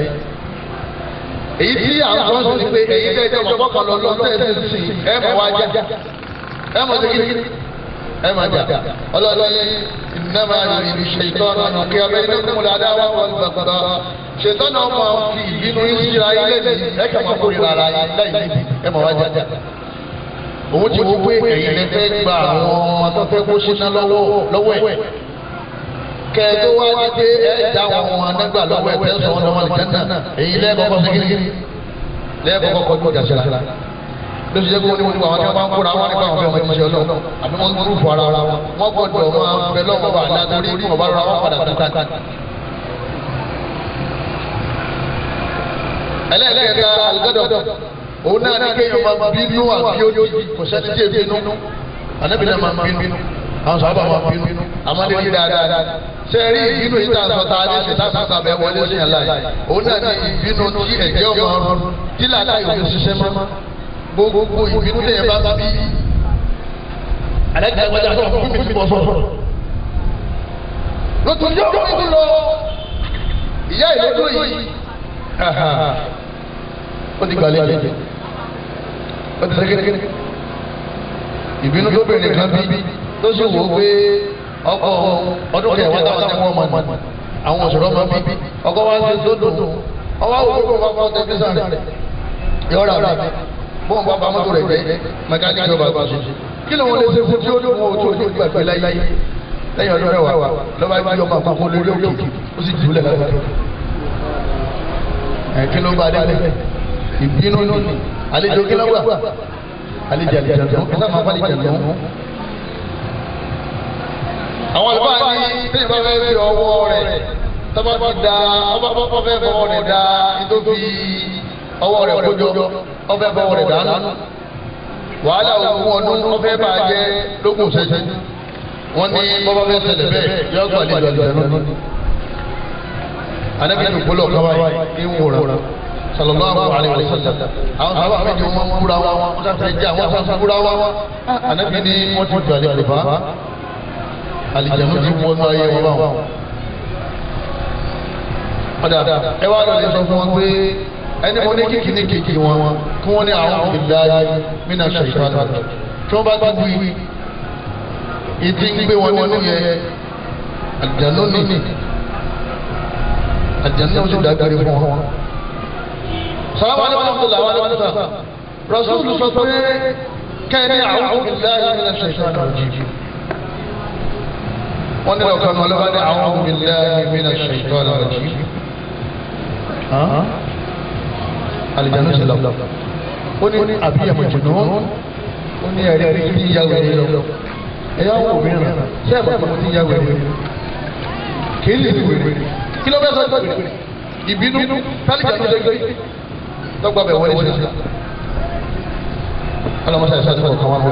S1: èyí tí àwọn kan sọ pé èyí tẹ́ ẹjọ́ mọ́kànlọ́lọ́ tẹ́ ẹ ẹ máa jà ọlọ́ọ̀lọ́ni ìnáma ìrìn ṣètò ọ̀nà kí ọbẹ̀ inú kún múlá dáwà wọn gbàgbọ́ ṣètò náà mọ̀ fi ìbínú ìṣira ilé ní ẹ̀ka máa kórìíra ara yìí láì níbi ẹ máa wá jà. òun ti wo pé ẹ̀yin lè fẹ́ gba àwọn ọmọ tó fẹ́ kó ṣínà lọ́wọ́ ẹ̀ kẹ́ẹ̀tó wá ní pé ẹ̀ já àwọn ọmọ anágbà lọ́wọ́ ẹ̀ tẹ́sán ọmọ ìjẹ́ ló ṣe jẹ́ pé wọ́n ní wọ́n ní wọ́n àwọn akẹ́kọ̀ọ́ kóra wọn nípa àwọn ọmọ ìṣẹ́ ọlọ́run àbí wọ́n gúrùpù ara wọn wọ́n gbọ́dọ̀ máa bẹ lọ́wọ́ bá aláàtúrí kí wọ́n bá rọra wọn padà tán. ẹlẹ́ẹ̀kẹta àlùgọ́dọ̀ òun náà ní kéèyàn máa bínú àbí ojì kò sẹ́ni tí èbínú
S2: ànábìnrin máa bínú
S1: àwọn sábà máa bínú àmọ́ lè rí dáadáa ṣe rí ìbínú yìí tá a sọ tá a ní ṣe tá a sọ sábẹ́ wọlé sí ẹ̀ láì òun náà ní ìbínú tí ẹ̀jẹ̀ ọmọ ọrùn tí làlá ìwé ṣiṣẹ́ mọ́ gbogbo ìbínú tẹ̀yẹ̀ bá bá bí alájà ìwájà náà fún mi bọ̀ sọ̀rọ̀ lótú yóò fún mi lọ ìyá ìlú yìí ó ti gbalẹ̀ àlejò ó ti sẹ́kẹ́rẹ́ ìbínú tó bèrè kan bí tó sì wò ó pé ọkọ ọdún kẹwàá táwọn ti wọ́n mọ̀ àwọn òṣèré ọmọ bíbí ọkọ wa ń ṣe tó dùn ọwọ́ àwọn òkú kò bá fọ́ tẹ́tí sáré yọ̀ọ́ rà rà mí bọ́n bá bàmọ́ tó rẹ̀ jẹ́ mẹkáníkì ọba tó ṣe kí ló wọlé ṣe fún tí ó dún owó tó ní gbàgbé láyé lẹ́yìn ọdún mẹ́wàá lọ́ba ibi ọba àpapọ̀ lórí òkè ó sì jùlẹ̀ lọ́wọ́ ẹ̀ kí ló bá dé dé ìbínú ní àlejò kí ló wà àlejò àlejò ọ̀sán àwọn àlùfáà ní bí ìbá fẹ́ fi ọwọ́ rẹ̀ tọ́ba ti da ọba fẹ́ fọwọ́ rẹ̀ da nítorí ọwọ́ rẹ̀ kójọ ọfẹ́ bọ́wọ́ rẹ̀ dànù wàhálà òkú ọdún ọfẹ́ bá jẹ́ lókun ṣẹṣẹ wọ́n ní bọ́bá fẹ́ ṣẹlẹ̀ bẹ́ẹ̀ yọ ọgbà lè jọ ìjọ náà anabi ní gbólọ̀ kọ́wá yìí ń wòran sallallahu alayhi wa sallam àwọn sábà méjì wọn kúra wa wọn sábà jẹ àwọn sábà kúra wa anabi ní wọn ti jọ àlejò bá àlìjẹ̀mú ti wọnú ayé wọn báwọn. ọ̀dà ẹ wá lọ sọ fún wọn pé ẹni mo ní kíkì ní kíkì wọn kí wọ́n ní àwọn ìdáyà mínà ṣèṣàdà tí wọ́n bá ti wí ìdí ń gbé wọn nínú yẹn àjànú nínú àjànú náà ti dàgbére fún wọn. sàlámù aláwọ̀ tó làwọn aláwọ̀ tó sà rasúlù sọ pé kẹ́ni àwọn ìdáyà mínà ṣèṣàdà jìjì wọ́n ní ọ̀kan ọlọ́ba ní àwọn ìdáyà mínà ṣèṣàdà jìjì alìjáná sí lọ ó ní àbíyẹ̀mọ̀ jùlọ ó ní ẹ̀rí ẹ̀rí tí ń yàwé rẹ lọ ẹ̀yà wò mìíràn ṣé ẹ̀ bàbá tí ń yàwé rẹ kì í lè wé kí ló bẹ́ sọ ìtọ́jú ìbínú tálíjáná ló gbé lọ́gbà bẹ̀ wọlé ṣe ṣe ọlọ́mọṣẹ́ ìṣàtúnkọ̀ kan wà lọ́wọ́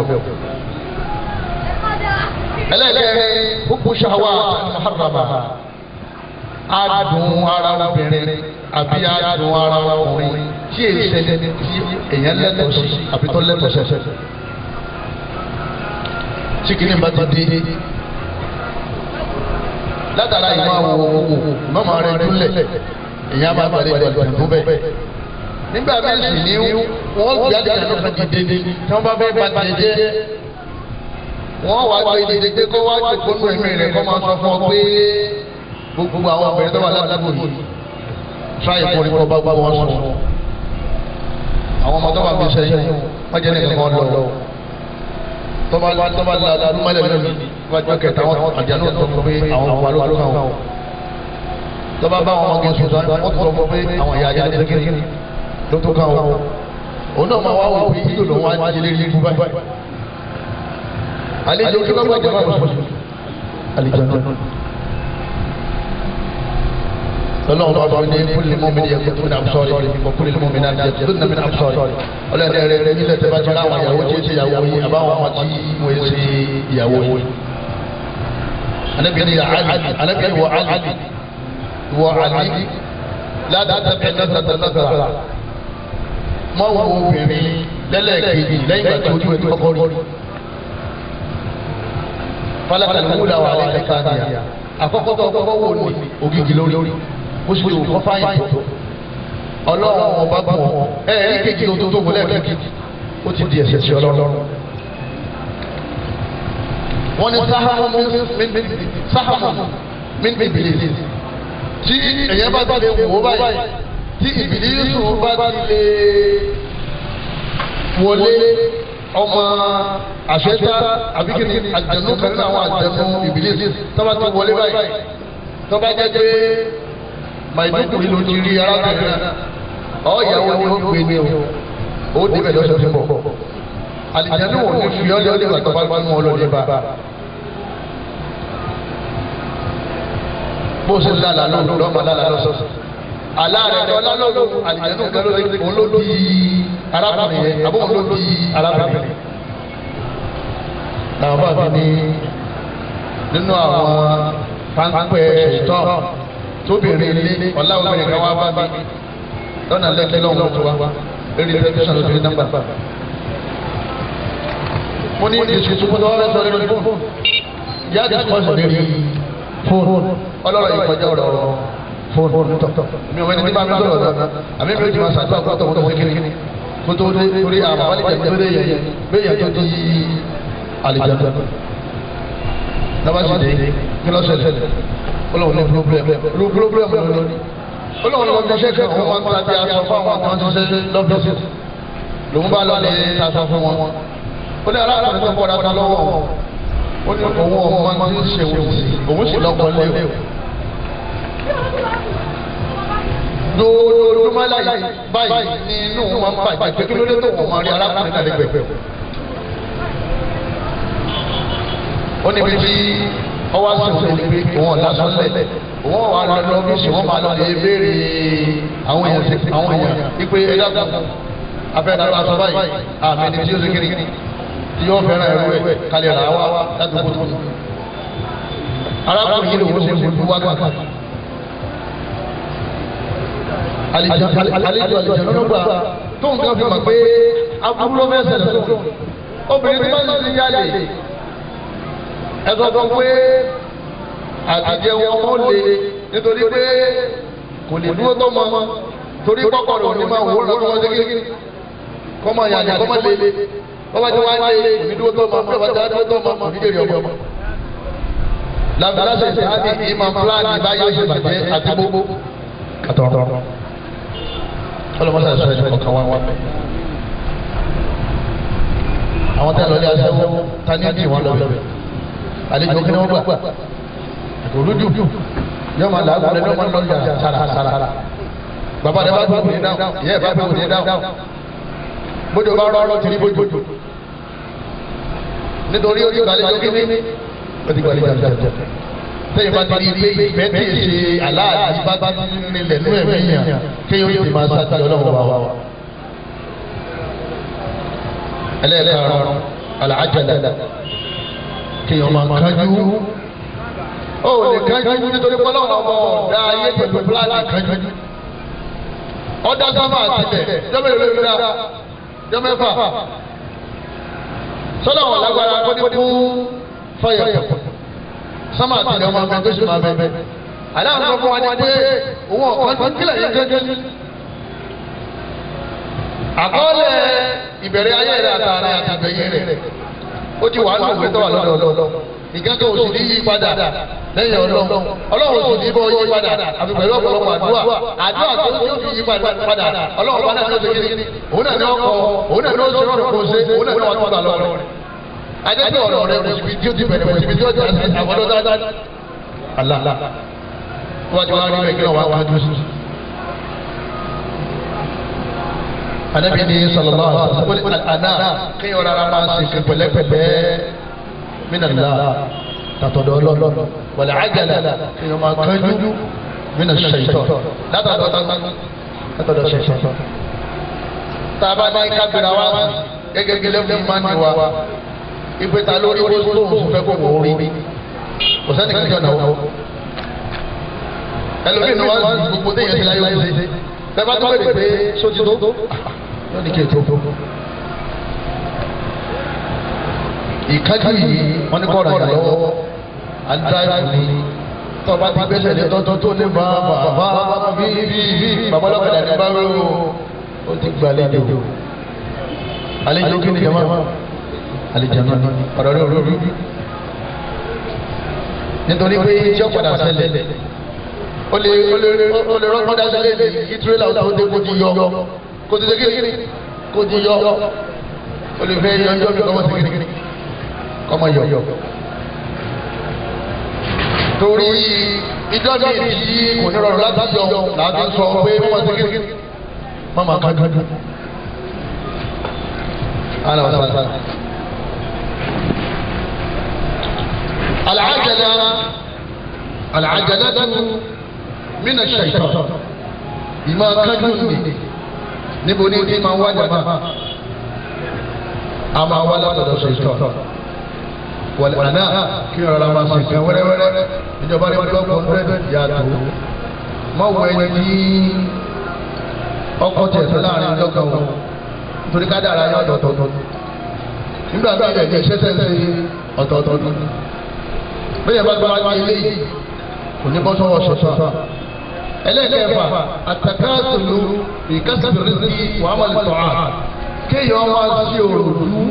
S1: ẹlẹ́kẹ̀ẹ́ gbogbo ṣàwà àmàhàràmà adùn ara obìnrin àbí adùn ara ọkùnrin tí èyí ṣẹlẹ̀ tí èyàn lẹ́tọ̀ọ́ sí àbí tó lẹ́tọ̀ọ́ sẹ́sẹ́. tí kìíní bá ti dé látara ìmọ̀ àwọn owó mọ́mọ́ rẹ̀ dúnlẹ̀ èyàn bá balẹ̀ ìdọ̀lẹ̀ tó bẹ́ẹ̀. nígbà mẹ́sì ni wọ́n gbé àdìgbà náà kan dìde tí wọ́n bá fẹ́ bá ti jẹ́ wọ́n wá gbé dìde kó wá gbé kónú ẹ̀mí rẹ̀ kó máa sọ fún ọ pé gbogbo àwọn obìnrin tó wà ládùúgbò yìí tíráyì kó ní kó bá gbogbo wọn sùn àwọn ọmọ tó bá fi sẹ́yìn wọ́n jẹ́ nìkan kan lọ tọ́ba tọ́ba la lumálẹ̀ lónìí wájú kẹta wọn àjànú tó ń gbé àwọn ọmọ alóòlù kan wọn tọ́ba bá wọn gé sùn sáré wọ́n tó ń gbé àwọn ìyá ajá ní kékeré ló tó kàn wọn òun náà máa wá wọ bí yíyó lòun á jẹ lérí ikú báyìí àlejò kí lọ́gbàjọba lọ́sọ̀ọ́sọ̀ àlejò náà lọ́lọ́run bá sọ ní kúlì mọ́mí ni yẹ̀kú tún ní abusọ́rí ìbọn kúlì mọ́mí náà yẹ̀kú tún ní abusọ́rí ọlọ́dẹ rẹ rẹ nílẹ̀ tẹ́ bá ti láwọn ìyàwó tí ó ti ìyàwó yìí àbáwọn ọmọ tí mo yẹ sí ìyàwó yìí. anabini anabini wọ ali wọ ali ládàtàbí nàtàtàtàtà mọ́ wọ obìnrin lẹ́lẹ́kejì lẹ́yìn ìgbà tó ti kọ́kọ́ bó ṣe wò kọ́ fáyìn tó ọlọ́run ọba gbọ́ ẹ ẹ ní kejì tó tó wọlé ẹ̀kejì ó ti di ẹ̀ṣẹ̀ sí ọlọ́run. wọ́n ní sáhàmù mí bìbìlì tí ẹ̀yẹ́ bá gbàgbé wò ó báyìí tí ìbìlì sùn bá ti lè wọlé ọmọ àṣẹta àbíkiri àjẹnú kan náà àwọn àjẹnú ìbìlì tábà ti wọlé báyìí tọ́ba jẹ́ pé màìjókòó yìí ló ti rí arábìnrin náà ọ̀yàwó ni ó gbé ní o ó débẹ̀ lọ́sọ̀ tó bọ̀ àlìjáde wò ní fi ọ́lẹ́ ọ́lẹ́ bàtà bá gbọ́n ọ́ lọ́lẹ́ bá bó ṣe ń lálàá lọ́nà lọ́mọ lálàá lọ́sọ̀ọ̀sọ̀ aláàrẹ ni ọlọ́lọ́lọ́ àlìjáde kan ló lè kó ló bí arábìnrin yẹn àbúrò ló bí arábìnrin yẹn. làwọn bá mi ní nínú àwọn páńpẹ́ ṣètọ́ tóbìnrin ilé ọ̀làwọ̀bìnrin kan wá bá mi lọ́nà lẹ́kẹ́ lọ́wọ́ tó wá lórí tẹlifíṣàn lọ́dún ní nọ́mbà. mo ní ìṣù tuntun lọ́wọ́ rẹ̀ sọ̀rọ̀ lórí fóònù ìyá àti ìṣù ọ̀sán lórí fóònù ọlọ́rọ̀ yìí kọjá ọ̀rọ̀ fóònù tọ̀ mi ò wẹ́n ní bá mi sọ̀rọ̀ ọ̀rọ̀ àmì mi ò jù àṣà àdúrà tó tó kékeré kó tó dé torí àwọn àlejò àlejò ọlọ́run ní pírọ́blẹ̀mù ló pírọ́blẹ̀mù lónìí ọlọ́run lọ́ọ́ ṣiṣẹ́ kan òun máa ń ta ti aṣọ fún àwọn àwọn tó ṣe lọ́fíìsì lòun bá lọ lè taṣọ fún wọn ó ní aláàbò tó bọ̀dá ta lọ́wọ́ ó ní òun ọmọ máa ń ṣe òun sì lọ́kọ̀ lé o. lójoojúmọ́ láyé báyìí ni inú wọn bàjẹ́ pé kí ló dé tó wọ́n máa rí arákùnrin náà lẹ́gbẹ̀ẹ́ ó ní bíbí ọwọ́ àtúntò ní pé òun ọ̀dà sọ́lẹ̀ òun ọ̀wà lọ lọ bí sùn wọ́n máa lọ lè béèrè àwọn èèyàn àwọn èèyàn wípé ẹ dákun abẹ́rẹ́ náà sọ báyìí àmì ẹni tí ó ṣe kiri tí yóò fẹ́ràn ẹ̀rú ẹ̀ kalẹ̀ rà wá ládùúgbò tó arákùnrin yìí lòun ṣe gbogbo wá gbà. àlejò àlejò ló gbà tó nǹkan fi mọ̀ pé abúlé fẹ́ sẹ̀lẹ̀ lọ́wọ́ obìnrin tó bá ń sin yálè ẹ pé àtijọ́ wọn ó le nítorí pé kò lè dúró tó mọ torí kọ́kọ́ rẹ̀ òní máa wò lọ́wọ́ wọn kọ́mọ yàrá kọ́mọ lele bọ́bá tí wọ́n á lé òní dúró tó mọ bọ́bá tí wọ́n á dúró tó mọ òní kéde ọmọ. làbàlá ṣe ṣe àti ìmọ̀ fúlàní báyọ̀ ṣe bàjẹ́ àti gbogbo kàtọ́rọ́ ọlọ́mọdé àṣọ ẹ̀ṣọ́ ọ̀kan wá wá bẹ́ẹ̀ àwọn tẹ́ lọ́lé aṣẹ́wó ta ní ìdí wọn lọ́wọ́ àlejò kí ni wọ́n gbà kò lójú
S2: yóò máa làágùn rẹ yóò máa lọ yàrá sàràsàrà
S1: bàbá rẹ bá gbé òní dáhùn ìyá ẹ bá gbé òní dáhùn bójú bá rọrọ ti rí bójú nítorí orí ìgbàlejò kí ni ó ti gbàlejò ni sẹ́yìn bá ti rí ilé ìfẹ́ tí ì ṣe aláàjì bá bá nílẹ̀ nú ẹ̀mí yàn kéèyàn yóò ti máa sáájú ọlọ́run bá wa. ẹlẹ́ẹ̀kan àlàájàlá kéèyàn máa kájú ó lè kájú nítorí pé ọlọ́run ọmọ ọ̀dà ayé pẹ̀lú bíláàdì kájú ọ̀dà sábà àtìlẹ̀ jọ́mọ̀ ìlú ìlú náà jọ́mọ̀ ẹ̀fà sọ́dọ̀ wọn lágbára kọ́ni fún fọyọ̀ sábà àtìlẹ̀ ọmọ ọmọ ẹgbẹ́ sùn máa bẹ̀
S2: aláàbò fún wa ni pé
S1: òun ọ̀kan kílẹ̀ yẹn gẹ́gẹ́ àkọọ́lẹ̀ ìbẹ̀rẹ̀ ayé rẹ̀ àtàrà àtàgbẹ̀yẹ rẹ̀
S2: ó ti wà á lòwé tó wà lọ́dọ̀
S1: ìkẹ́kọ̀ọ́ òsì ní yípadà lẹ́yìn ọlọ́run ọlọ́run òsì ní bọ́ yípadà àfi pẹ̀lú ọ̀pọ̀lọpọ̀ àdúrà àdúrà tó yóò fi yípadà ọlọ́run padà ní oṣù kìíní òun náà ní ọkọ̀ òun náà ní oṣù rọrùn kò ṣe òun náà ní wàá tó bá lọ́rùn. adébẹ̀ ọ̀rọ̀ rẹ kò síbi tí ó ti bẹ̀rẹ̀ kò síbi tí ó ti anabi ni sọlọlọ àná kéèyàn rárá máa ń sèké pẹ̀lẹ́pẹ̀lẹ́ mínàlá tàtọ̀dọ̀ ọlọ́lọ́ wàlẹ̀ àjàlá kéèyàn máa kánjú mínà ṣèṣọ látọ̀dọ̀ látọ̀dọ̀ ṣèṣọ. tàbá ní kábìrà wa gẹ́gẹ́ gẹ́lẹ́ fún máa ní wa ìpè ta lórí orí tó ń fẹ́ kó wọ́n rí kò sẹ́ni kí n jọ náà ẹlòmíràn wá gbogbo déyẹn ti láyé wáyé bẹ́ẹ̀ bá tó bẹ̀rẹ̀ pé sótìtó lónìí kí ètò òfófó. ìkájú yìí wọ́n ní kọ́ra yà lọ́wọ́ àdáyàgbé tọ́ba ti gbẹ́sẹ̀ ní tọ́tọ́ tó lé bá bàbá bí bí bí bàbá lọ́kadà ní bá rẹ̀ o ti gbàlejò àlejò kí ni jama àlejò náà ọ̀rọ̀ rẹ̀ òróró nítorí pé tí padà ṣẹlẹ̀ ó lè rọ́gbọ́dá sílẹ̀ ní kí tírélà tó dé kó ti yọ kò ti ṣe kiri kò ti yọ olùfẹ́ yọjọ́ mi kọ́mọ sí kiri kọ́mọ yọ. torí ìjọ mi ti yí kò ní rọrùn láti yọ láti sọ pé mọ́mọ́ sí kiri mọ́mọ́ kájú. أهلا وسهلا العجلة العجلة من الشيطان بما كان يؤمن níbo ní ti máa wá jàmá a máa wá látọ̀dọ̀ kí ọ̀rọ̀ máa ṣe kan wẹ́rẹ́wẹ́rẹ́ ìjọba ní búlọ́ọ̀kù ọ̀rẹ́ yàtọ̀ mọ̀wọ́ ẹni tí ọkọ̀ tẹ̀ fún láàrin lọ́gàn o torí ká dára yọ ọ̀tọ̀ọ̀tọ̀ nígbà tó yẹ kí iṣẹ́ tẹ̀ ọ̀tọ̀ọ̀tọ̀ bẹ́ẹ̀ bá gbára ẹlẹ́kẹ̀ẹ́fà àtàkàtúlù ìkásíbìrì sí wàhálà tọ́hà kéèyàn máa ṣe òòlù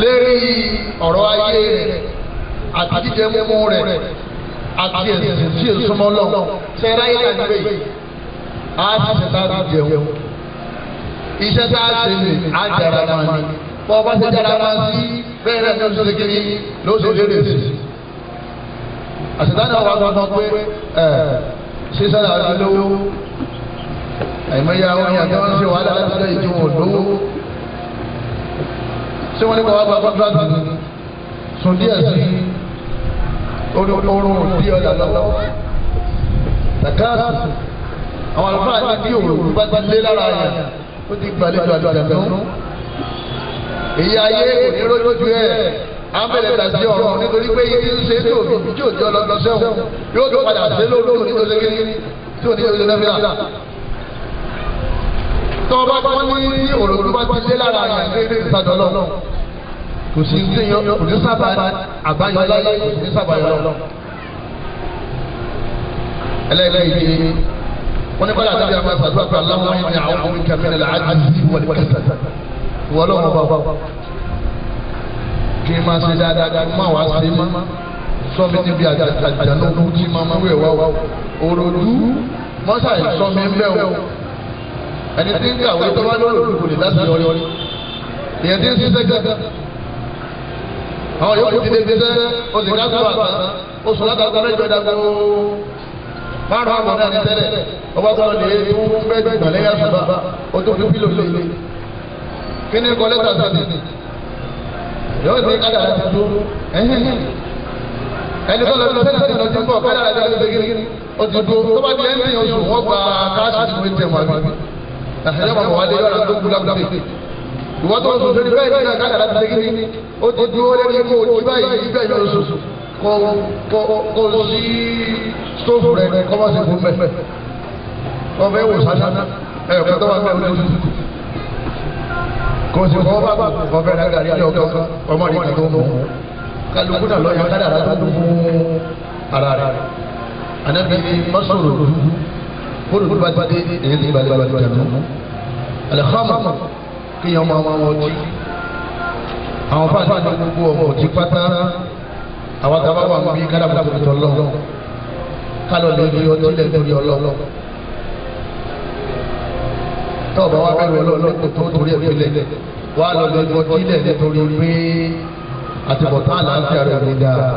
S1: lérí ọ̀rọ̀ ayé rẹ̀ àti jíjẹ mímú rẹ̀ àti ẹ̀sìn tí èso mọ́ lọ sẹ́ra yìí láti gbé a ti ṣẹta ti jẹun iṣẹ́ tá a ṣe lè á jara máa ní bọ́ ọba ṣe jara máa sí bẹ́ẹ̀ náà ní oṣù kékeré lóṣèlérè sí àṣetánì ọ̀wá gbọ́dọ̀ pé sísọ́lá ọ̀dọ́ lówó àìmọye àwọn èèyàn tí wọ́n ń ṣe wàhálà láti lọ ìjọ wọn lówó ṣé wọ́n ní kọ́ wá gba kọ́ńtrátì ni sùn díẹ̀ sí orun òdì ọ̀dà lọ́wọ́ tàkáàtì àwọn àlùfáà ní bí òwúrò bá ti lé lára yẹn ó ti gbàlejò àjọ àjọ
S2: èyí ayé òní lójú ẹ̀
S1: à ń bẹ̀rẹ̀ dàsí ọ̀rọ̀ nítorí pé ibi ń ṣe tó mi tí òjò lọ́dọ̀ sẹ́wọ̀n yóò tó padà ṣe lóòrùn nítorí kékeré tí ò ní oṣù lẹ́fẹ̀lá. tọ́ bá kọ́ ní òròdú bá ti dé lára àyàn ní ilé ìtajà lọ kò sí ní kò ní sábà àbáyọ láyé kò ní sábà yọ lọ. ẹlẹ́gbẹ̀ẹ́ yìí wọ́n ní kọ́lá àti àbí àgbà sàdúrà aláwọ̀ ẹ̀yìn àwọn ọmọ kí n máa ṣe dáadáa má wàá ṣe má sọmi níbi àjànà òkú tí màmá wẹ̀ wá òròdú mọ́ṣá ìsọmi ń bẹ̀ o ẹni tí ń kàwé tó bá lọ́rọ̀ òdòdó lè láti yọrí ọrí ìyẹn tí ń ṣiṣẹ́ gẹ́gẹ́
S2: àwọn yóò fi dédé sẹ́
S1: o sì ká sọ̀rọ̀ o sọ̀rọ̀ àtà márùn àmọ̀ tẹ́lẹ̀ ọba sọ̀rọ̀ lè bẹ́ẹ̀ yóò ṣe kádàrá ti dúró ẹni tó lọ sí sẹ́yìn lọ sí bọ̀ kádàrá ti dúró gbégiri ó ti dúró tó bá di ẹni yẹn oṣù wọ́n gba káàsì ìwé tẹ̀ wọ́n àbí àṣẹjọ́ bàbá wa lé yọ̀rọ̀ tó kú lágbàgbé ìwọ́n tó oṣù lórí bẹ́ẹ̀ ní kádàrá ti gbégiri ó ti dúró lẹ́ni kó o jí báyìí jí bẹ́ẹ̀ yọ̀rọ̀ oṣù kó kó sí stóòfù rẹ̀ kọ́ kò sí kọ́ bá kọ́ fẹ́ rẹ̀ gàrí alẹ́ ọ̀kan ọmọ rẹ̀ tó mú kálukú náà lọ́yọ̀ kádàrá tó mú ara rẹ̀ anabi masoro dugu olùkú bá dé èyí ti balẹ̀ balẹ̀ tẹ̀lé mú alihamu kí yẹn ọmọ àwọn ọtí àwọn fáwọn àti gbogbo ọmọ pátá àwọn àtàwọn àwọn àmì kádàbọ̀ tó tọ̀ lọ́wọ́ kálọ̀ lórí ọtí lẹ́nu lórí ọlọ́wọ́ tọ́ọ̀bù wa bẹ̀rù ọlọ́run kò tó torí ẹ̀ filẹ̀ wà lọ lọ jọ kílẹ̀ nítorí pé àtibọ̀tán àlàáfíà rẹ̀ ní dáa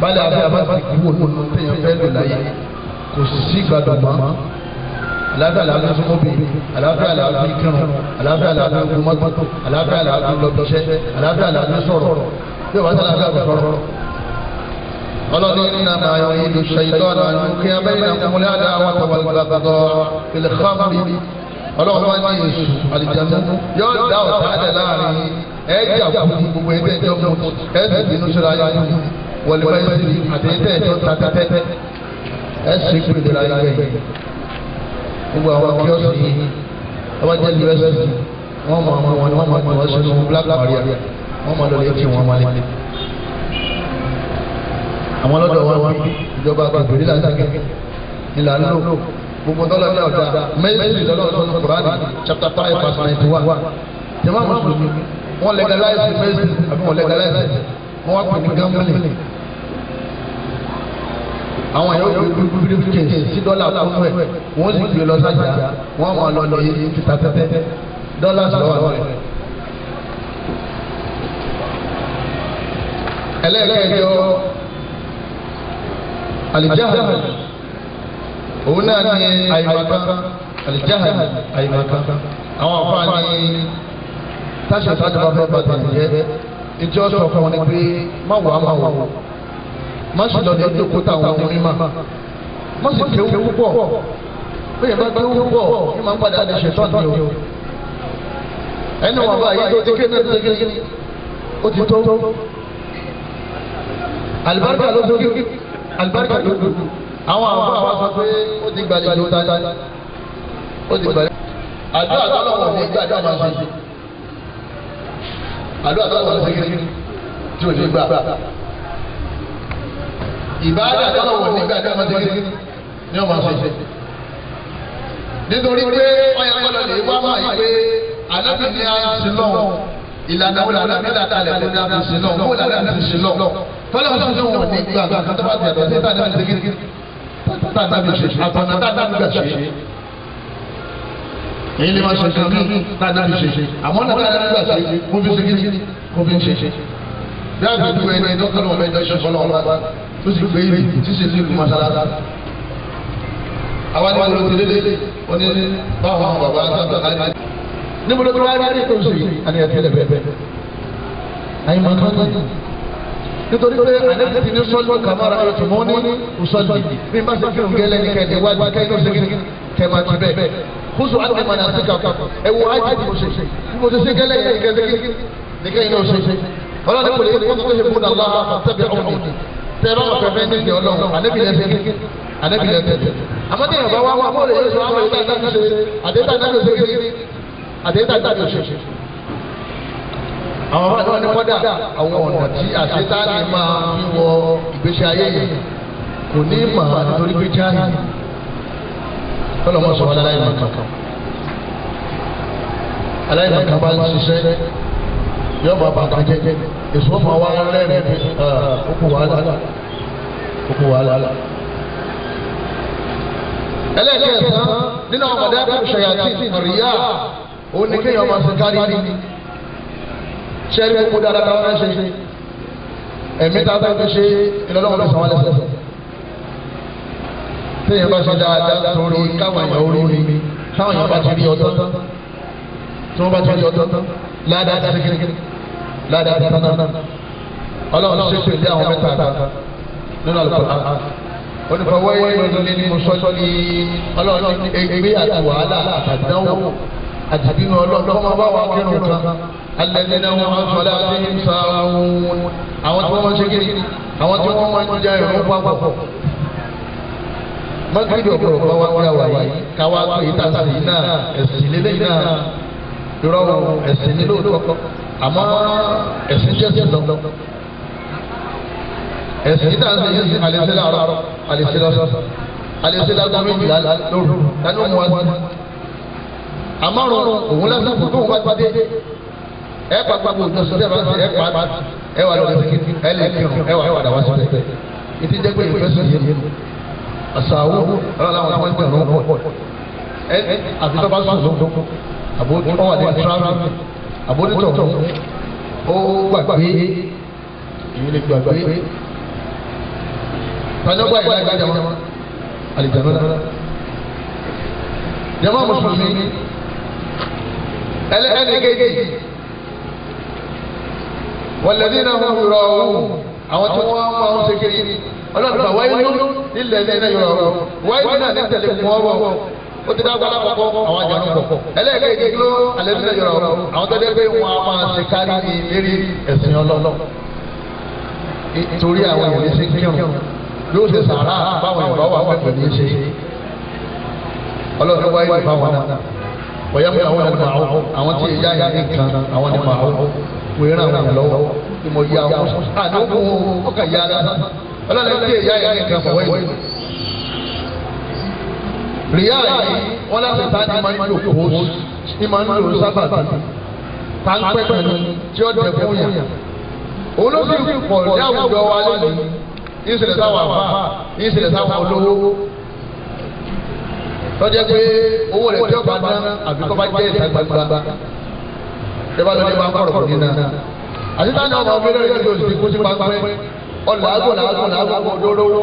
S1: balẹ̀ abẹ́ abáṣekì wò ló ló tẹ̀yàn fẹ́ lò láyé kò sì sí gbàdùn mọ́ àlàáfíà làáfíà sọ́kọ́bì àlàáfíà làáfíà kírun àlàáfíà làáfíà gbọmọ́tò àlàáfíà làáfíà lọ́bíṣẹ́ àlàáfíà làáfíà sọ̀rọ̀ bí wàá sàlàáfíà kò ọlọ́ni iná máa yọ ìlú ṣèyítọ́nà kí abẹ́rẹ́ náà kúnlẹ̀ àdá àwọn tọ̀wọ̀lùgbàgbọ́ ilẹ̀ xamri ọlọ́run wá ní èṣù àlìjáde yóò dá ọ̀tá ẹ̀ láàrin ẹ̀ẹ́dì àkùnrin gbogbo ẹ̀ẹ́dì ẹ̀jọ́ mọ̀ ẹ̀ẹ́dì bínú ṣọlá yáyọ wọlé wẹ́ẹ́sì àtẹ̀yẹ́tẹ̀ ẹ̀jọ́ tatẹ́tẹ́ ẹ̀sì pèlè àwọn ọlọ́dọ̀ wọn bí ìjọba gbèbèrè làǹtẹ̀kẹ́ ìlà ń lò gbogbo tọ́lá ní ọ̀dà mẹ́sìlì lọ́lọ́dọ̀ ní kùránì chapter five verse ninety one jẹ́wọ́n mùsùlùmí wọ́n legalize mẹ́sìlì àbí wọ́n legalize wọ́n wá pè ní gambling àwọn yóò gbé bíríkè sí dọ́là fún ẹ̀ wọ́n sì gbé lọ sájà wọ́n máa lọ lọ yé fìtà tẹ́tẹ́ dọ́là sọ̀rọ̀ rẹ̀. ẹlẹ́ẹ̀kẹ́jọ alijahal òun náà ní àyèmàkà alijahal àyèmàkà àwọn àfáà ní táṣà táṣà bá fẹ́ bàtà nìyẹn ìjọ sọ fún wọn ni pé má wà má wà má sì lọ ní ojú òkúta àwọn ọmọ mímà má sì kéwú púpọ̀ bẹ́ẹ̀ bá kéwú púpọ̀ ní máa ń padà ní ṣètò àti òun ẹni wà báyìí tó ti kéde tó ti kéde ó ti tó alibarika ló tó kéde alibarika ló dùn àwọn àwọn àwọn sọ pé ó ti gbàlejò tata ó ti gbàlejò. àdó àtọ́lọ́wọ̀ ní gbà tí a máa ṣe àdó àtọ́lọ́wọ̀ ní ṣe tí o ti gbà. ìbáàdà àtọ́lọ́wọ̀ ní gbà tí a máa ṣe ni wọ́n máa ṣe. nítorí pé ọyàn kọlọ lè wá máa yí pé anábì ni a ti lọ ìlànà wo làwọn anábì dàtà lẹ́kọ̀ọ́ ní a ti ṣe lọ wo làwọn anábì ti ṣe lọ tọ́lá ń sọ wọn ní gbà gbà tó bá tẹ̀lé ní tàdá ní segin tàdá mi ṣe àtọ̀nà tàdá mi gbà ṣe. èyí lè má ṣe kan ní tàdá mi ṣe àmọ́ náà tàdá mi gbà ṣe kó fi segin kó fi ṣe. bí a ti du ẹni dọ́kítà ọmọ ẹjọ́ ṣe fọlọ́ ọba tó sì gbé ibi tí ṣe sí ìlú masalasa. àwa ni wọn lọ sí lélẹ̀ wọn ní báwọn àwọn bàbá sábà láti. níbo ló tó wáyé ní ìtòsí àni ẹ̀fẹ́ lẹ́fẹ̀ẹ́ nítorí pé àdébùtì ní sọ́lù kàmára ètò mọ́ ní sọ́lù bí n bá ṣe fi òǹgẹ́lẹ́ ní kẹ́ẹ̀dẹ́ wá ní kẹ́ẹ̀dẹ́ ṣe kí kẹ́ẹ̀má ti bẹ́ẹ̀ kóso àti mọ̀nà sí kàkà ẹ wo àjẹ́ mo ṣe mo ṣe ṣe gẹ́lẹ́ ní kẹ́ẹ̀dẹ́ ní kẹ́ẹ̀dẹ́ náà ṣe ọlọ́run kò lè kó tó ṣe fún àlá àtẹ́bẹ̀ ọ̀hún tẹ̀rọ ọ̀fẹ́fẹ́ ní ìdí ọlọ́run àdébìlẹ̀ tẹ̀tẹ̀ àmọ́tẹ́ ìyàbá wa wà mọ́ àwọn bá ní kọ́dà àwọn ọ̀nà tí àṣetáni máa ń wọ ìgbésí ayé yìí kò ní mà nítorí pé jáde ọlọ́mọ sọ̀rọ̀ aláìmọ̀kan aláìmọ̀kan bá ń ṣiṣẹ́ yọ bá bàtà jẹ èso fún wa lẹ́rìn bí okùn wàhálà okùn wàhálà. ẹlẹ́ẹ̀kẹ́ sàn nínú àwọn ọ̀dà àbúrò ṣayàtì àríyá òun ni kéèyàn máa ṣe kárí ni sẹ́rí gbogbo dáadáa tá a fẹ́ ṣe ẹ̀mí tá a fẹ́ ṣe ìlọ́lọ́wọ́ lọ́sàn án lẹ́sẹ̀. Téèyàn bá ṣe dáadáa torí káwọn èèyàn orí mi táwọn èèyàn bá ti rí ọtọ́ tí wọ́n bá ti rí ọtọ́ ládàá ti rí kiri ládàá ti tán náà. Ọlọ́run ṣe pèlè àwọn mẹ́ta nínú àlùkò náà. Onífọwọ́ yẹn ló ní mú sọ́ọ́ ní ọlọ́run ní ẹgbẹ́ àti wàhálà àtàdánwò àtìbínú ọlọ́dọ́mọ bá wà kírun kan alẹ́dẹ́nà wọn àtọ́lá àdéhùn sáwọn àwọn tí wọ́n ṣe kiri àwọn tí wọ́n máa ń já ìrún papọ̀. mọ́gídì ọ̀pọ̀ bá wá wá wáyé káwá tó yìí yìí náà ẹ̀sìn lélẹ́yìn náà irọ́ ẹ̀sìn nílò lọ́kọ́ àmọ́ ẹ̀sìn jẹ́ sí ẹ̀sìn náà ṣe sí àlẹ́sílẹ̀ àrọ́ àlẹ́sílẹ̀ àlẹ́sílẹ̀ àgbọ̀mẹ́jì lóru àmọ́rùn òun lẹ́sìn fún tóun bá ti dé ẹ pa gbogbo òjò sọ sẹ́yìn bá ti ẹ pa ẹ wà lọ́wọ́ sí ẹ lè kírun ẹ wà ẹ wà dà wá sí bẹ́ẹ̀ ìdí jẹ́ pé ìfẹ́ sọ yẹn àṣàwọ̀ ọlọ́làwọ̀ àwọn ẹgbẹ́ rún pọ̀ ẹ àfi tó bá sùn lọ́wọ́ àbò tó wà ní tíráfì àbò tó tọ̀ ó gbàgbé ìwé gbàgbé tọ́jọ́ gbàgbé àgbàjọ́ àlìjàmọ́ jàmọ́ mùsùlùmí ẹlẹ́nìkejì walladhina hum yura'un àwọn tí wọ́n máa ń ṣe kiri ọlọ́dún bá wáyé ló nílẹ̀ ẹ̀dẹ́nà yura'un wáyé náà ní tẹ̀lé kún ọ́rọ̀ ó ti dágbára kọ́kọ́ àwọn àjànú kọ̀ ẹlẹ́ẹ̀kejì ló alẹ́dẹ́nà yura'un àwọn tó dé pé wọ́n á máa ṣe kárí ní ìlérí ẹ̀sìn ọlọ́lọ́ torí àwọn ìrẹsì kírun yóò ṣe sàrà báwọn ìbáwà pẹ̀lú ìṣe ọlọ́dún wáyé ìbáwọn náà wọ̀yá fún àwọn ẹ̀dùn àwọn àwọn tí ìyá yà ní kan àwọn ẹ̀dùn àwọn wòye ràn wọ́n lọ́wọ́ tí mo yá wọn àdókò ọkà yá lánàá ọlọ́dẹ tí ìyá yà ní kan fọwọ́ yìí. rìyá yìí wọ́n láti ta ni máa ń lò kó ni máa ń lò sábàbí ta ń pẹ́ pẹ̀lú tí ó dẹ̀ fún yàn. òun ló fi pọ̀ ní àwùjọ wa lónìí ìṣẹ̀lẹ̀ sáwọn àfà ìṣẹ̀lẹ̀ sáwọn olówó tọ́jẹ́ pé owó rẹ̀ tí ó bá ná àbí kọ́ bá jẹ́ ìta gbangba ìjọba ló ní bá ń kọ̀rọ̀ fún nínú. àti táwọn ọmọ ọmọ eré ìdílé òsì kú sí pápẹ́ ọ̀làágùn làágùn làágùn olóró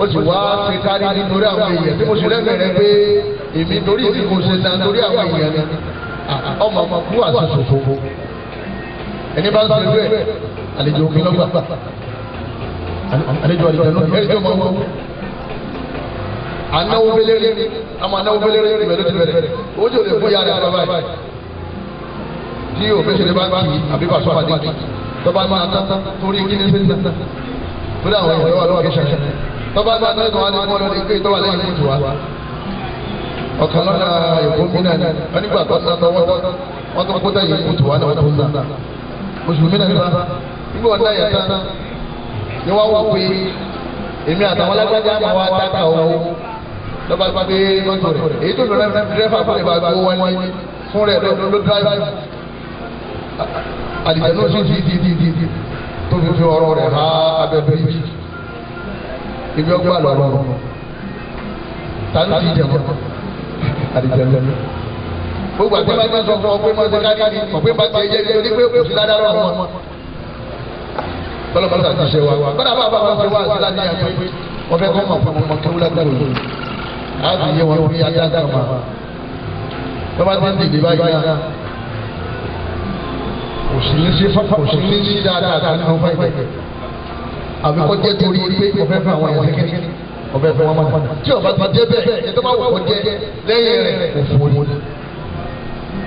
S1: ó sì wá ti kárí nítorí àwọn èèyàn tí mo sì lẹ́gbẹ̀ẹ́ rẹ pé èmi torí èmi kò ṣe tán torí àwọn èèyàn ni ọmọ ọmọ kú àṣìṣe fòfò
S2: ẹni bá ń sọ ewé
S1: àlejò òkè lọ́gbà àlejò àlejò àlejò ọmọ ọmọ anáwó béléré àmọ́ anáwó béléré ìbẹ̀rẹ̀ ti bẹ̀rẹ̀ ó jò lè fún yàrá yàrá báyìí tí o fẹsẹ̀ bá kì í àbí bàtú àdéhùn tọ́ba máa tán torí kí ni sẹ́yìn tán torí àwọn ìwé wà lọ́wọ́ kí ṣàṣà tọ́ba máa tán tó wà ní kọ́ lọ́dẹ pé tọ́ba lẹ́yìn ètò wa ọ̀kan lọ́dà èkó mi náà wọ́n nígbà tó tán tọ́wọ́ wọ́n tó kó táyé ètò wa náà tó tán mùsùlùmí náà tán nígbà wọ́n lọ́ba tó pé mọ́tò rẹ̀ èyí tó lọ́ra dírẹ́fà fún ìbá gbó wọn ni fún rẹ̀ ló dára àdìjẹ́ ló sì di di di di tó fi fi ọ̀rọ̀ rẹ̀ há abẹ́bẹ́ yìí ibi ọgbà lọ́rọ̀ tàbí ìjẹ̀mọ́ àdìjẹ́ lọ́rọ̀ gbogbo àti bá ti sọ fún ọ pé mọ ṣe káàkiri ọ̀pẹ bá ti yẹ kí pé kò sí ládàá lọ́wọ́ wọn. bọ́lá bọ́lá ti ṣe wa bọ́lá bá bá wa ṣe wá sí ládàá yẹn pé wọ́n fẹ́ kọ́ mọ̀ fún ọmọ kéwúlá gbàgbọ́ á sì yé wọn bí adájọ́ ma bàbá ti ń dìde báyìí náà kò sí ní sí fáfá kò sí ní sí dáadáa tá nínú fáìfẹ́ àbí kò jẹ́ torí pé ọ̀fẹ́ fún àwọn ẹ̀wọ̀n kékeré ọ̀fẹ́ fún wọn mọ̀nà tí ọ̀fẹ́ ti jẹ́ bẹ́ẹ̀ ẹ̀ tó bá wọ̀ kó jẹ́ lẹ́yìn rẹ̀ òfò ni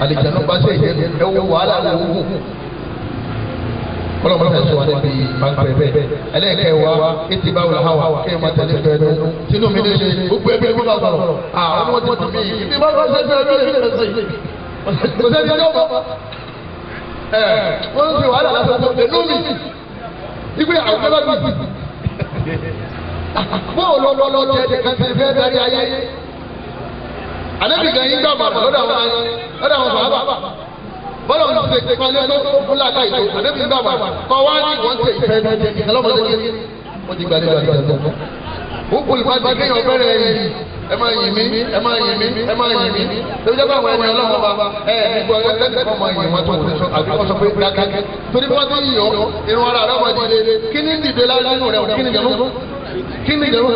S1: àlejò náà bá sẹ̀ yẹ ẹ̀wọ̀ wàhálà lọ́wọ́ ọlọ́run fẹ́ sọ wa níbi ìbánpẹ́ bẹ́ẹ̀ ẹlẹ́ẹ̀kẹ́ wa etí bá wùlọ hàwà kí ẹ máa tẹ̀lé fẹ́ ẹnu mi ní ṣe gbogbo ẹgbẹ́ gbogbo àgbọ̀rọ̀ àwọn ọmọ ti tì mí ìbí bá wọ́n ṣe fẹ́ ẹnu ẹ̀mí rẹ̀ sí kò sẹ́ni tí ó bá ẹ̀ wọ́n fi wàhálà lásán tó ẹnu mi ìgbé àwọn ọmọ mi bọ́ọ̀ lọ́lọ́lọ́ jẹ́ ẹ̀jẹ̀ kan ti fẹ́ darí ayé alẹ́ bọ́lá wọn ti ṣe kan lẹ́nu fún làkà ìlú àdébí gbà wà kọ́ wá ní wọ́n ṣe ìfẹ́ ẹni ọlọ́mọdé yẹn wọ́n ti gbàdúrà àdúrà tó. ó kú ìpàdé kéèyàn bẹ̀rẹ̀ yìí ẹ máa yìn mí ẹ máa yìn mí ẹ máa yìn mí tẹ̀wé bá wọn ẹni ọlọ́wọ́ bá ẹ nígbà ẹ tẹ́tẹ́ kọ́ máa yìn wọn tó wọlé sọ àbí wọ́n sọ pé dákẹ́ torí wọ́n ti yàn irun ara rẹ̀ wọ́n ti lé kí ni dìde lára inú rẹ̀ kí ni jẹ̀mú kí ni jẹ̀mú.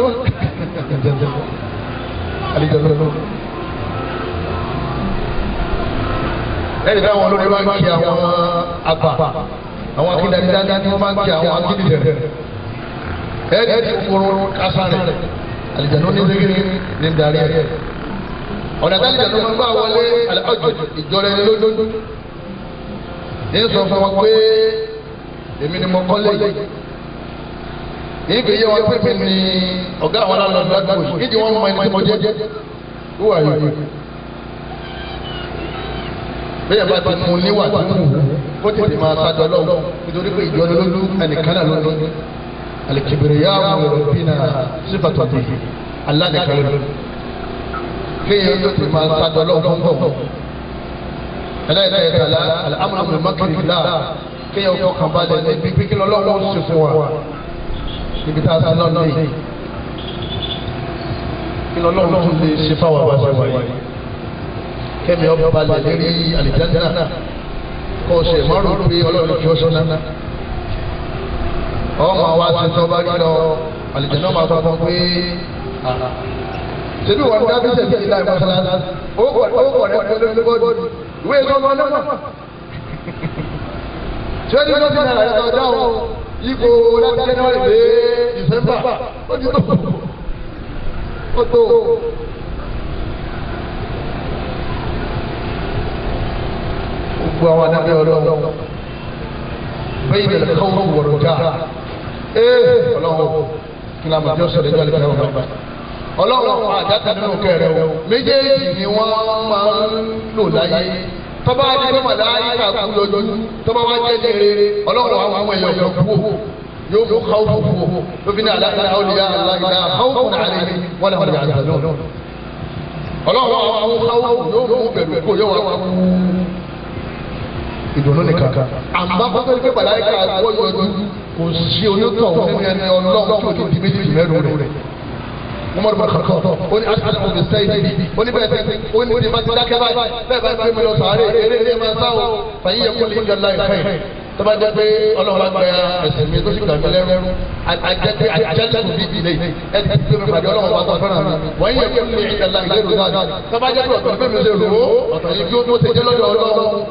S1: ẹ̀rí káwọn olórí máa ń kí àwọn àgbà àwọn akíndàdídá ni wọ́n máa ń kí àwọn akíndìdẹ̀ ẹ̀rí ti kúrò kásá rẹ̀ àlìjáde ní sẹ́kìrì ní darí ẹ̀. ọ̀nà tá àlìjáde máa ń bá wọlé ọjọ́ ìjọra ẹni lójú ní sọ fún wa pé èmi ni mo kọ́ lẹ́yìn ìgbé yẹ wọn pépè ní ọ̀gá àwọn alọ́dún àgbà yìí ìdí wọn mọ ẹni tí mo jẹ́ wúwo àyè bẹ́ẹ̀ bá ti fún níwà tó wù kó tètè máa sájọ lọ́wọ́ nítorí pé ìjọ lójú ẹnìkan náà lójú alìkìbìrì yá àwọn òbínà sífàtọ̀ bí alánìkan lójú kéèyàn tó ti máa sájọ lọ́wọ́ ń bọ̀ ẹlẹ́ẹ̀kẹ́ta la alámúlùmí mọ́kìrì la kéèyàn kọ́ kan balẹ̀ níbi pínpín lọ́wọ́ ń sùn fún wa níbi tá a sá lọ́nà yìí kí lọ́wọ́ tún lè ṣe fáwọn àbáṣe wáyé kẹ́mi ọba lè rí àlìjáná kó o ṣe márùn pé ọlọ́run fi ọṣọ náà ọmọ wa ti tọ́ bá rí lọ àlìjáná máa bá fọ pé ṣèlú wọn dábí tẹ̀lé ìlà ìmọ̀sára ó kọ̀ ó kọ̀ rẹ̀ pẹ̀lú olúbọ̀dù ìwé ìgbọ́n náà ṣé ní lọ́sẹ̀ náà rẹ̀ lọ́jà o ipò lágbára náà lè dé December ó ti tó ó tó. gbogbo àwọn anábẹ́ ọlọ́run bẹ́ẹ̀ ìbẹ̀rẹ̀ kọ́wọ́ wọ̀rọ̀ já ee ọlọ́run kí ni àmàjọ sọ̀rọ̀ ẹjọ́ àlejò àwọn ọba ọlọ́run àdáta nínú kẹrẹ o méjèèjì ni wọ́n máa ń lò láyé tọ́ba wá jẹ́ màláyíkà kú lójú tọ́ba wá jẹ́ lére ọlọ́run àwọn àwọn èèyàn kan yóò mú káwọ́ kú o lóbi ní alága àwòlíyá alága káwọ́ kú nàá wọn lè wọlé àgbà ọlọ́run àwọn káwọ́ yóò mú bẹ̀rù kó yóò wá kú ìdùnnú nìkan. àmọ́ bọ́tọ́ ní pé bàláríkà gbọ́dọ̀ ojú kò sí onítọ̀ nínú ẹni ọlọ́run tó ti di méjì mẹ́rin rẹ̀. Umar bin Khattab ó ní asala o bẹ sẹ́yìn bíbí ó ní bẹ́ẹ̀ ní ti dákẹ́ báyìí bẹ́ẹ̀ bá ti mi lọ sàárè eré ilé máa sá o fàyín yẹ kó fẹ́ tọ́ba ọlọ́run agbẹ́ tó sì gbàgbé lẹ́rú ajẹ́ pé ajẹ́lẹ́kùn bíi ilé ẹ ti gbé mi pàdé ọlọ́run wa tó fẹ́ràn mi wọ́n yẹ kó lè yọ láì fẹ́ jẹ́ pé ọ̀tọ̀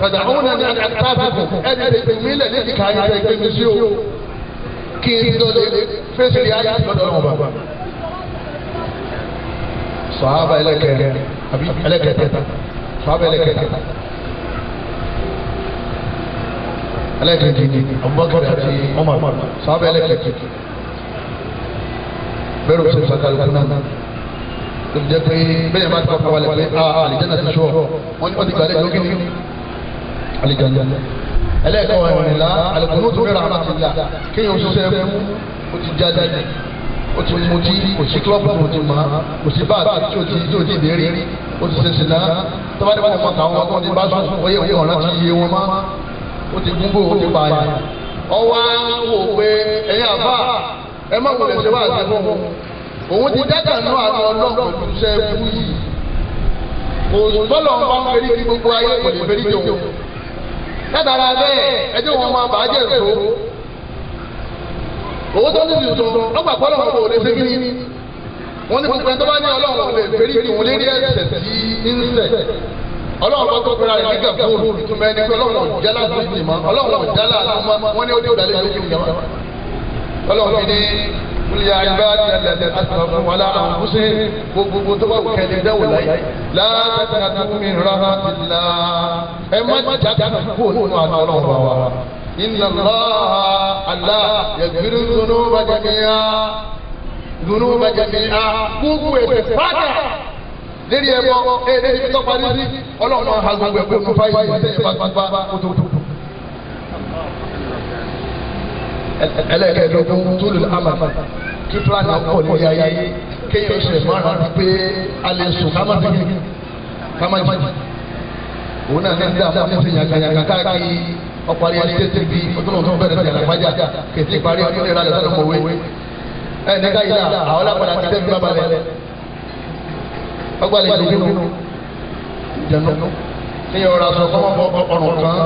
S1: tàdàhùn náà ní àtàkùn ẹni tètè mí lẹ̀ níbi ká yẹ ẹgbẹ́ mi sí o kí n tó lè fèsì rí ayé lọ́dọ̀ ọ̀bà. sọ̀hábà ẹlẹ́kẹ̀ẹ́ àbí ẹlẹ́kẹ̀ẹ́ta sọ̀hábà ẹlẹ́kẹ̀ẹ́ta ẹlẹ́kẹ̀ẹ́jì Abubakar àti Umar sọ̀hábà ẹlẹ́kẹ̀ẹ́jì bẹ́ẹ̀rù sí sàkàlùkù náà tó pé bẹ́ẹ̀ máa ti kọ́kọ́ wálé pé ah, àlìjẹ́ náà ti sọ wọ́n ti gbàlejò kí ni àlejàndà ẹlẹ́ẹ̀kan ìrìnlá àlùkùnú tó fẹ́ràn àmàtìlá kéèyàn ṣiṣẹ́ mú o ti jáde o ti mutí o sí kílọ́pù o ti mọ̀ o sí bá tí ó ti tí ó ti bèèrè o ti ṣẹṣẹ náà tọ́ba ní wọ́n mọ̀ táwọn ọmọ tó bá sùn ó yẹ òye ọ̀ràn ti yé wọn mọ́ ó ti gúngbò ó ti pààyàn. ọwọ́ wò pé ẹ̀yin àbá ẹ má wọlé ṣe wá àṣẹ fún un òun ti dájà nù àwọn ọlọ́pàá tó é fún yìí kò tọ́lọ̀ ń bá ń fẹ́rí gbogbo ayé kò lè fẹ́rí jòun. látara bẹ́ẹ̀ ẹjọ́ wọn máa bàjẹ́ èso owó tó ní ìsòtò ọgbà pọ́lọ́ wọn kò lè ṣe kí ni ní pípẹ́ tó bá ní ọlọ́run lè fèrè ìwọ̀n lérí ẹ̀sẹ̀ tí bá tó tó jálá kúlíyà ìbáàdì ẹlẹ́dẹ̀ asọ̀rọ̀ wọn lára àwọn ọ̀húnṣe gbogbo tó bá kẹ́lẹ́ dẹ́wò láyé látàtú mi rárá ti la ẹ má jàdá kó nínú àná ọlọ́run wa inna Allah Allah yaghfiru dhunuba jami'a dhunuba jami'a gbogbo ẹ̀ṣẹ̀ pátá lérí ẹ̀kọ́ ẹ̀ẹ́dẹ́gbẹ́tọ́ parí sí ọlọ́run ha gbogbo ẹ̀kọ́ fún fáyé ìgbésẹ̀ ìfàgbà kótótó. ẹlẹ́kẹ̀ẹ́dógún túlù àmà kí plan ọkọ̀ ní ayé kéèyàn ṣe márùn ún pé alẹ́ sùn ká má bẹ̀rẹ̀ ká má jì òun náà ní ìdá àwọn ẹ̀sìn yàgàyàgà káàkiri ọkọ̀ ayé ẹni tètè bí ọdún ọdún bẹ̀rẹ̀ bẹ̀rẹ̀ àgbájá kètè parí ọdún ìrẹ̀lẹ̀ lọ́dún mọ̀wé ẹ̀ nígbà yìí náà àwọn lápàdà ti tẹ́bí bàbá rẹ̀ ọgbàlejò nínú ìjẹ̀nu ní ọ̀rọ̀ àṣọ kọ́mọ́ ọ̀rùn kan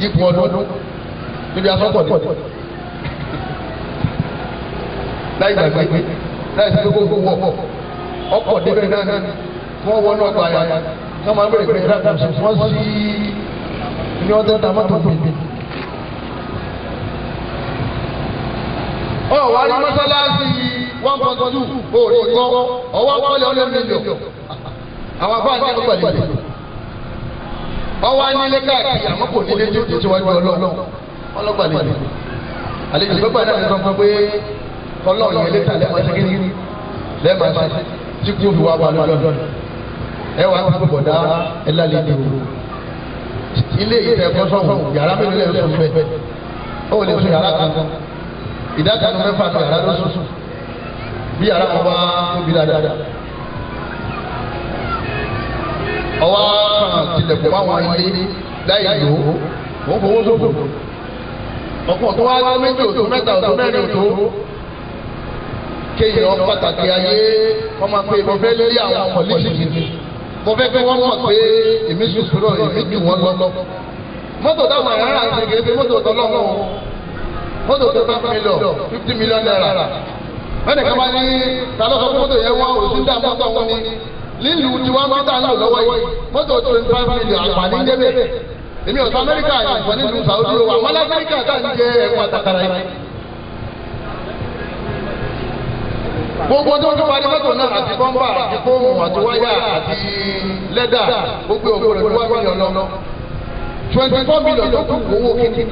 S1: yípo ọdún níbi asọ́pọ̀ láì gbàgbé láì sí gbogbo wọ̀ ọkọ̀ débẹ̀ náà kí wọ́n wọ́n náà gbà yà kí wọ́n máa bèrè pé ẹ̀dá kan sùn wọ́n sí ní wọ́n tẹ́ ta mọ́tò gbèdé. ọ wà ní mọ́sálásí one point two òòrè kọ́ ọwọ́ kọ́lé ọlọ́run nílò àwọn afáàní ọgbà lè lò ọwọ́ anílé káàkiri àmọ́ kò nílé tó ti wájú ọlọ́run ọlọ́gbà lè lò àlejò gbọ́gbà náà ń sọ fún pé tọ́lọ́ yẹn létà lẹ́ẹ̀ma ṣe kí ni lẹ́ẹ̀ma ṣe tí kò fi wá wà lọ́dọ̀ ẹ wà á fi bọ̀dá ẹ lálẹ́ ní o ilé ìtẹ̀ bọ́sọ̀hún yàrá mi lè fún bẹ́ẹ̀ ó lè fún yàrá kan ìdákanu mẹ́fà kan yàrá lọ́sọ̀ọ̀sù bí yàrá kan bá tóbi dáadáa ọwọ́ kan tilẹ̀kùn báwọn ilé láì lò ó wọ́n fowó sóko ọkùnrin tó wá méjì òtó mẹ́ta òtó mẹ́rin òtó kéèyàn pàtàkì ayé wọ́n máa pe mo fẹ́ lórí àwọn pọ̀lísìkì mo fẹ́ pé wọ́n mọ̀ pé èmi sùsùrọ̀ èmi jù wọ́n lọ. mọ́tò táwọn ará àti gègé mọ́tò tọ́lọ́wọ́ mọ́tò tó bá mílíọ̀ fifty million naira. wọ́n ní kaba ní talọ́sọ mọ́tò yẹn wọ́n ò sí dá mọ́tò wọn ni lílù tí wọ́n máa tà náà lọ́wọ́ yìí mọ́tò twenty five million àǹfààní débẹ̀ èmi ọ̀sán amẹ́ríkà ìfọ̀nílù sàwọ́dúró wa mọ́lá amẹ́ríkà táà ń jẹ ẹ̀kọ́ àtàkàrà yìí.
S2: gbogbo tó tó parí mọ́tò náà
S1: àti bọ́mbà àti fóònù àti wáyà àti lẹ́dà gbogbo òkúrò ní wá mílíọ̀n lọ. twenty four million tó kù owó kíkí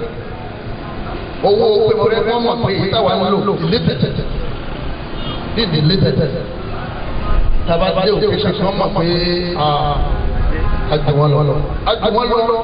S1: owó pẹ̀lú wọn mọ̀ pé ìtawà ń lò ìlétẹ̀ ìdí ìlétẹ̀ tàbá dé òkè ṣàkóso wọn mọ̀ pé àjùwọ̀n lọ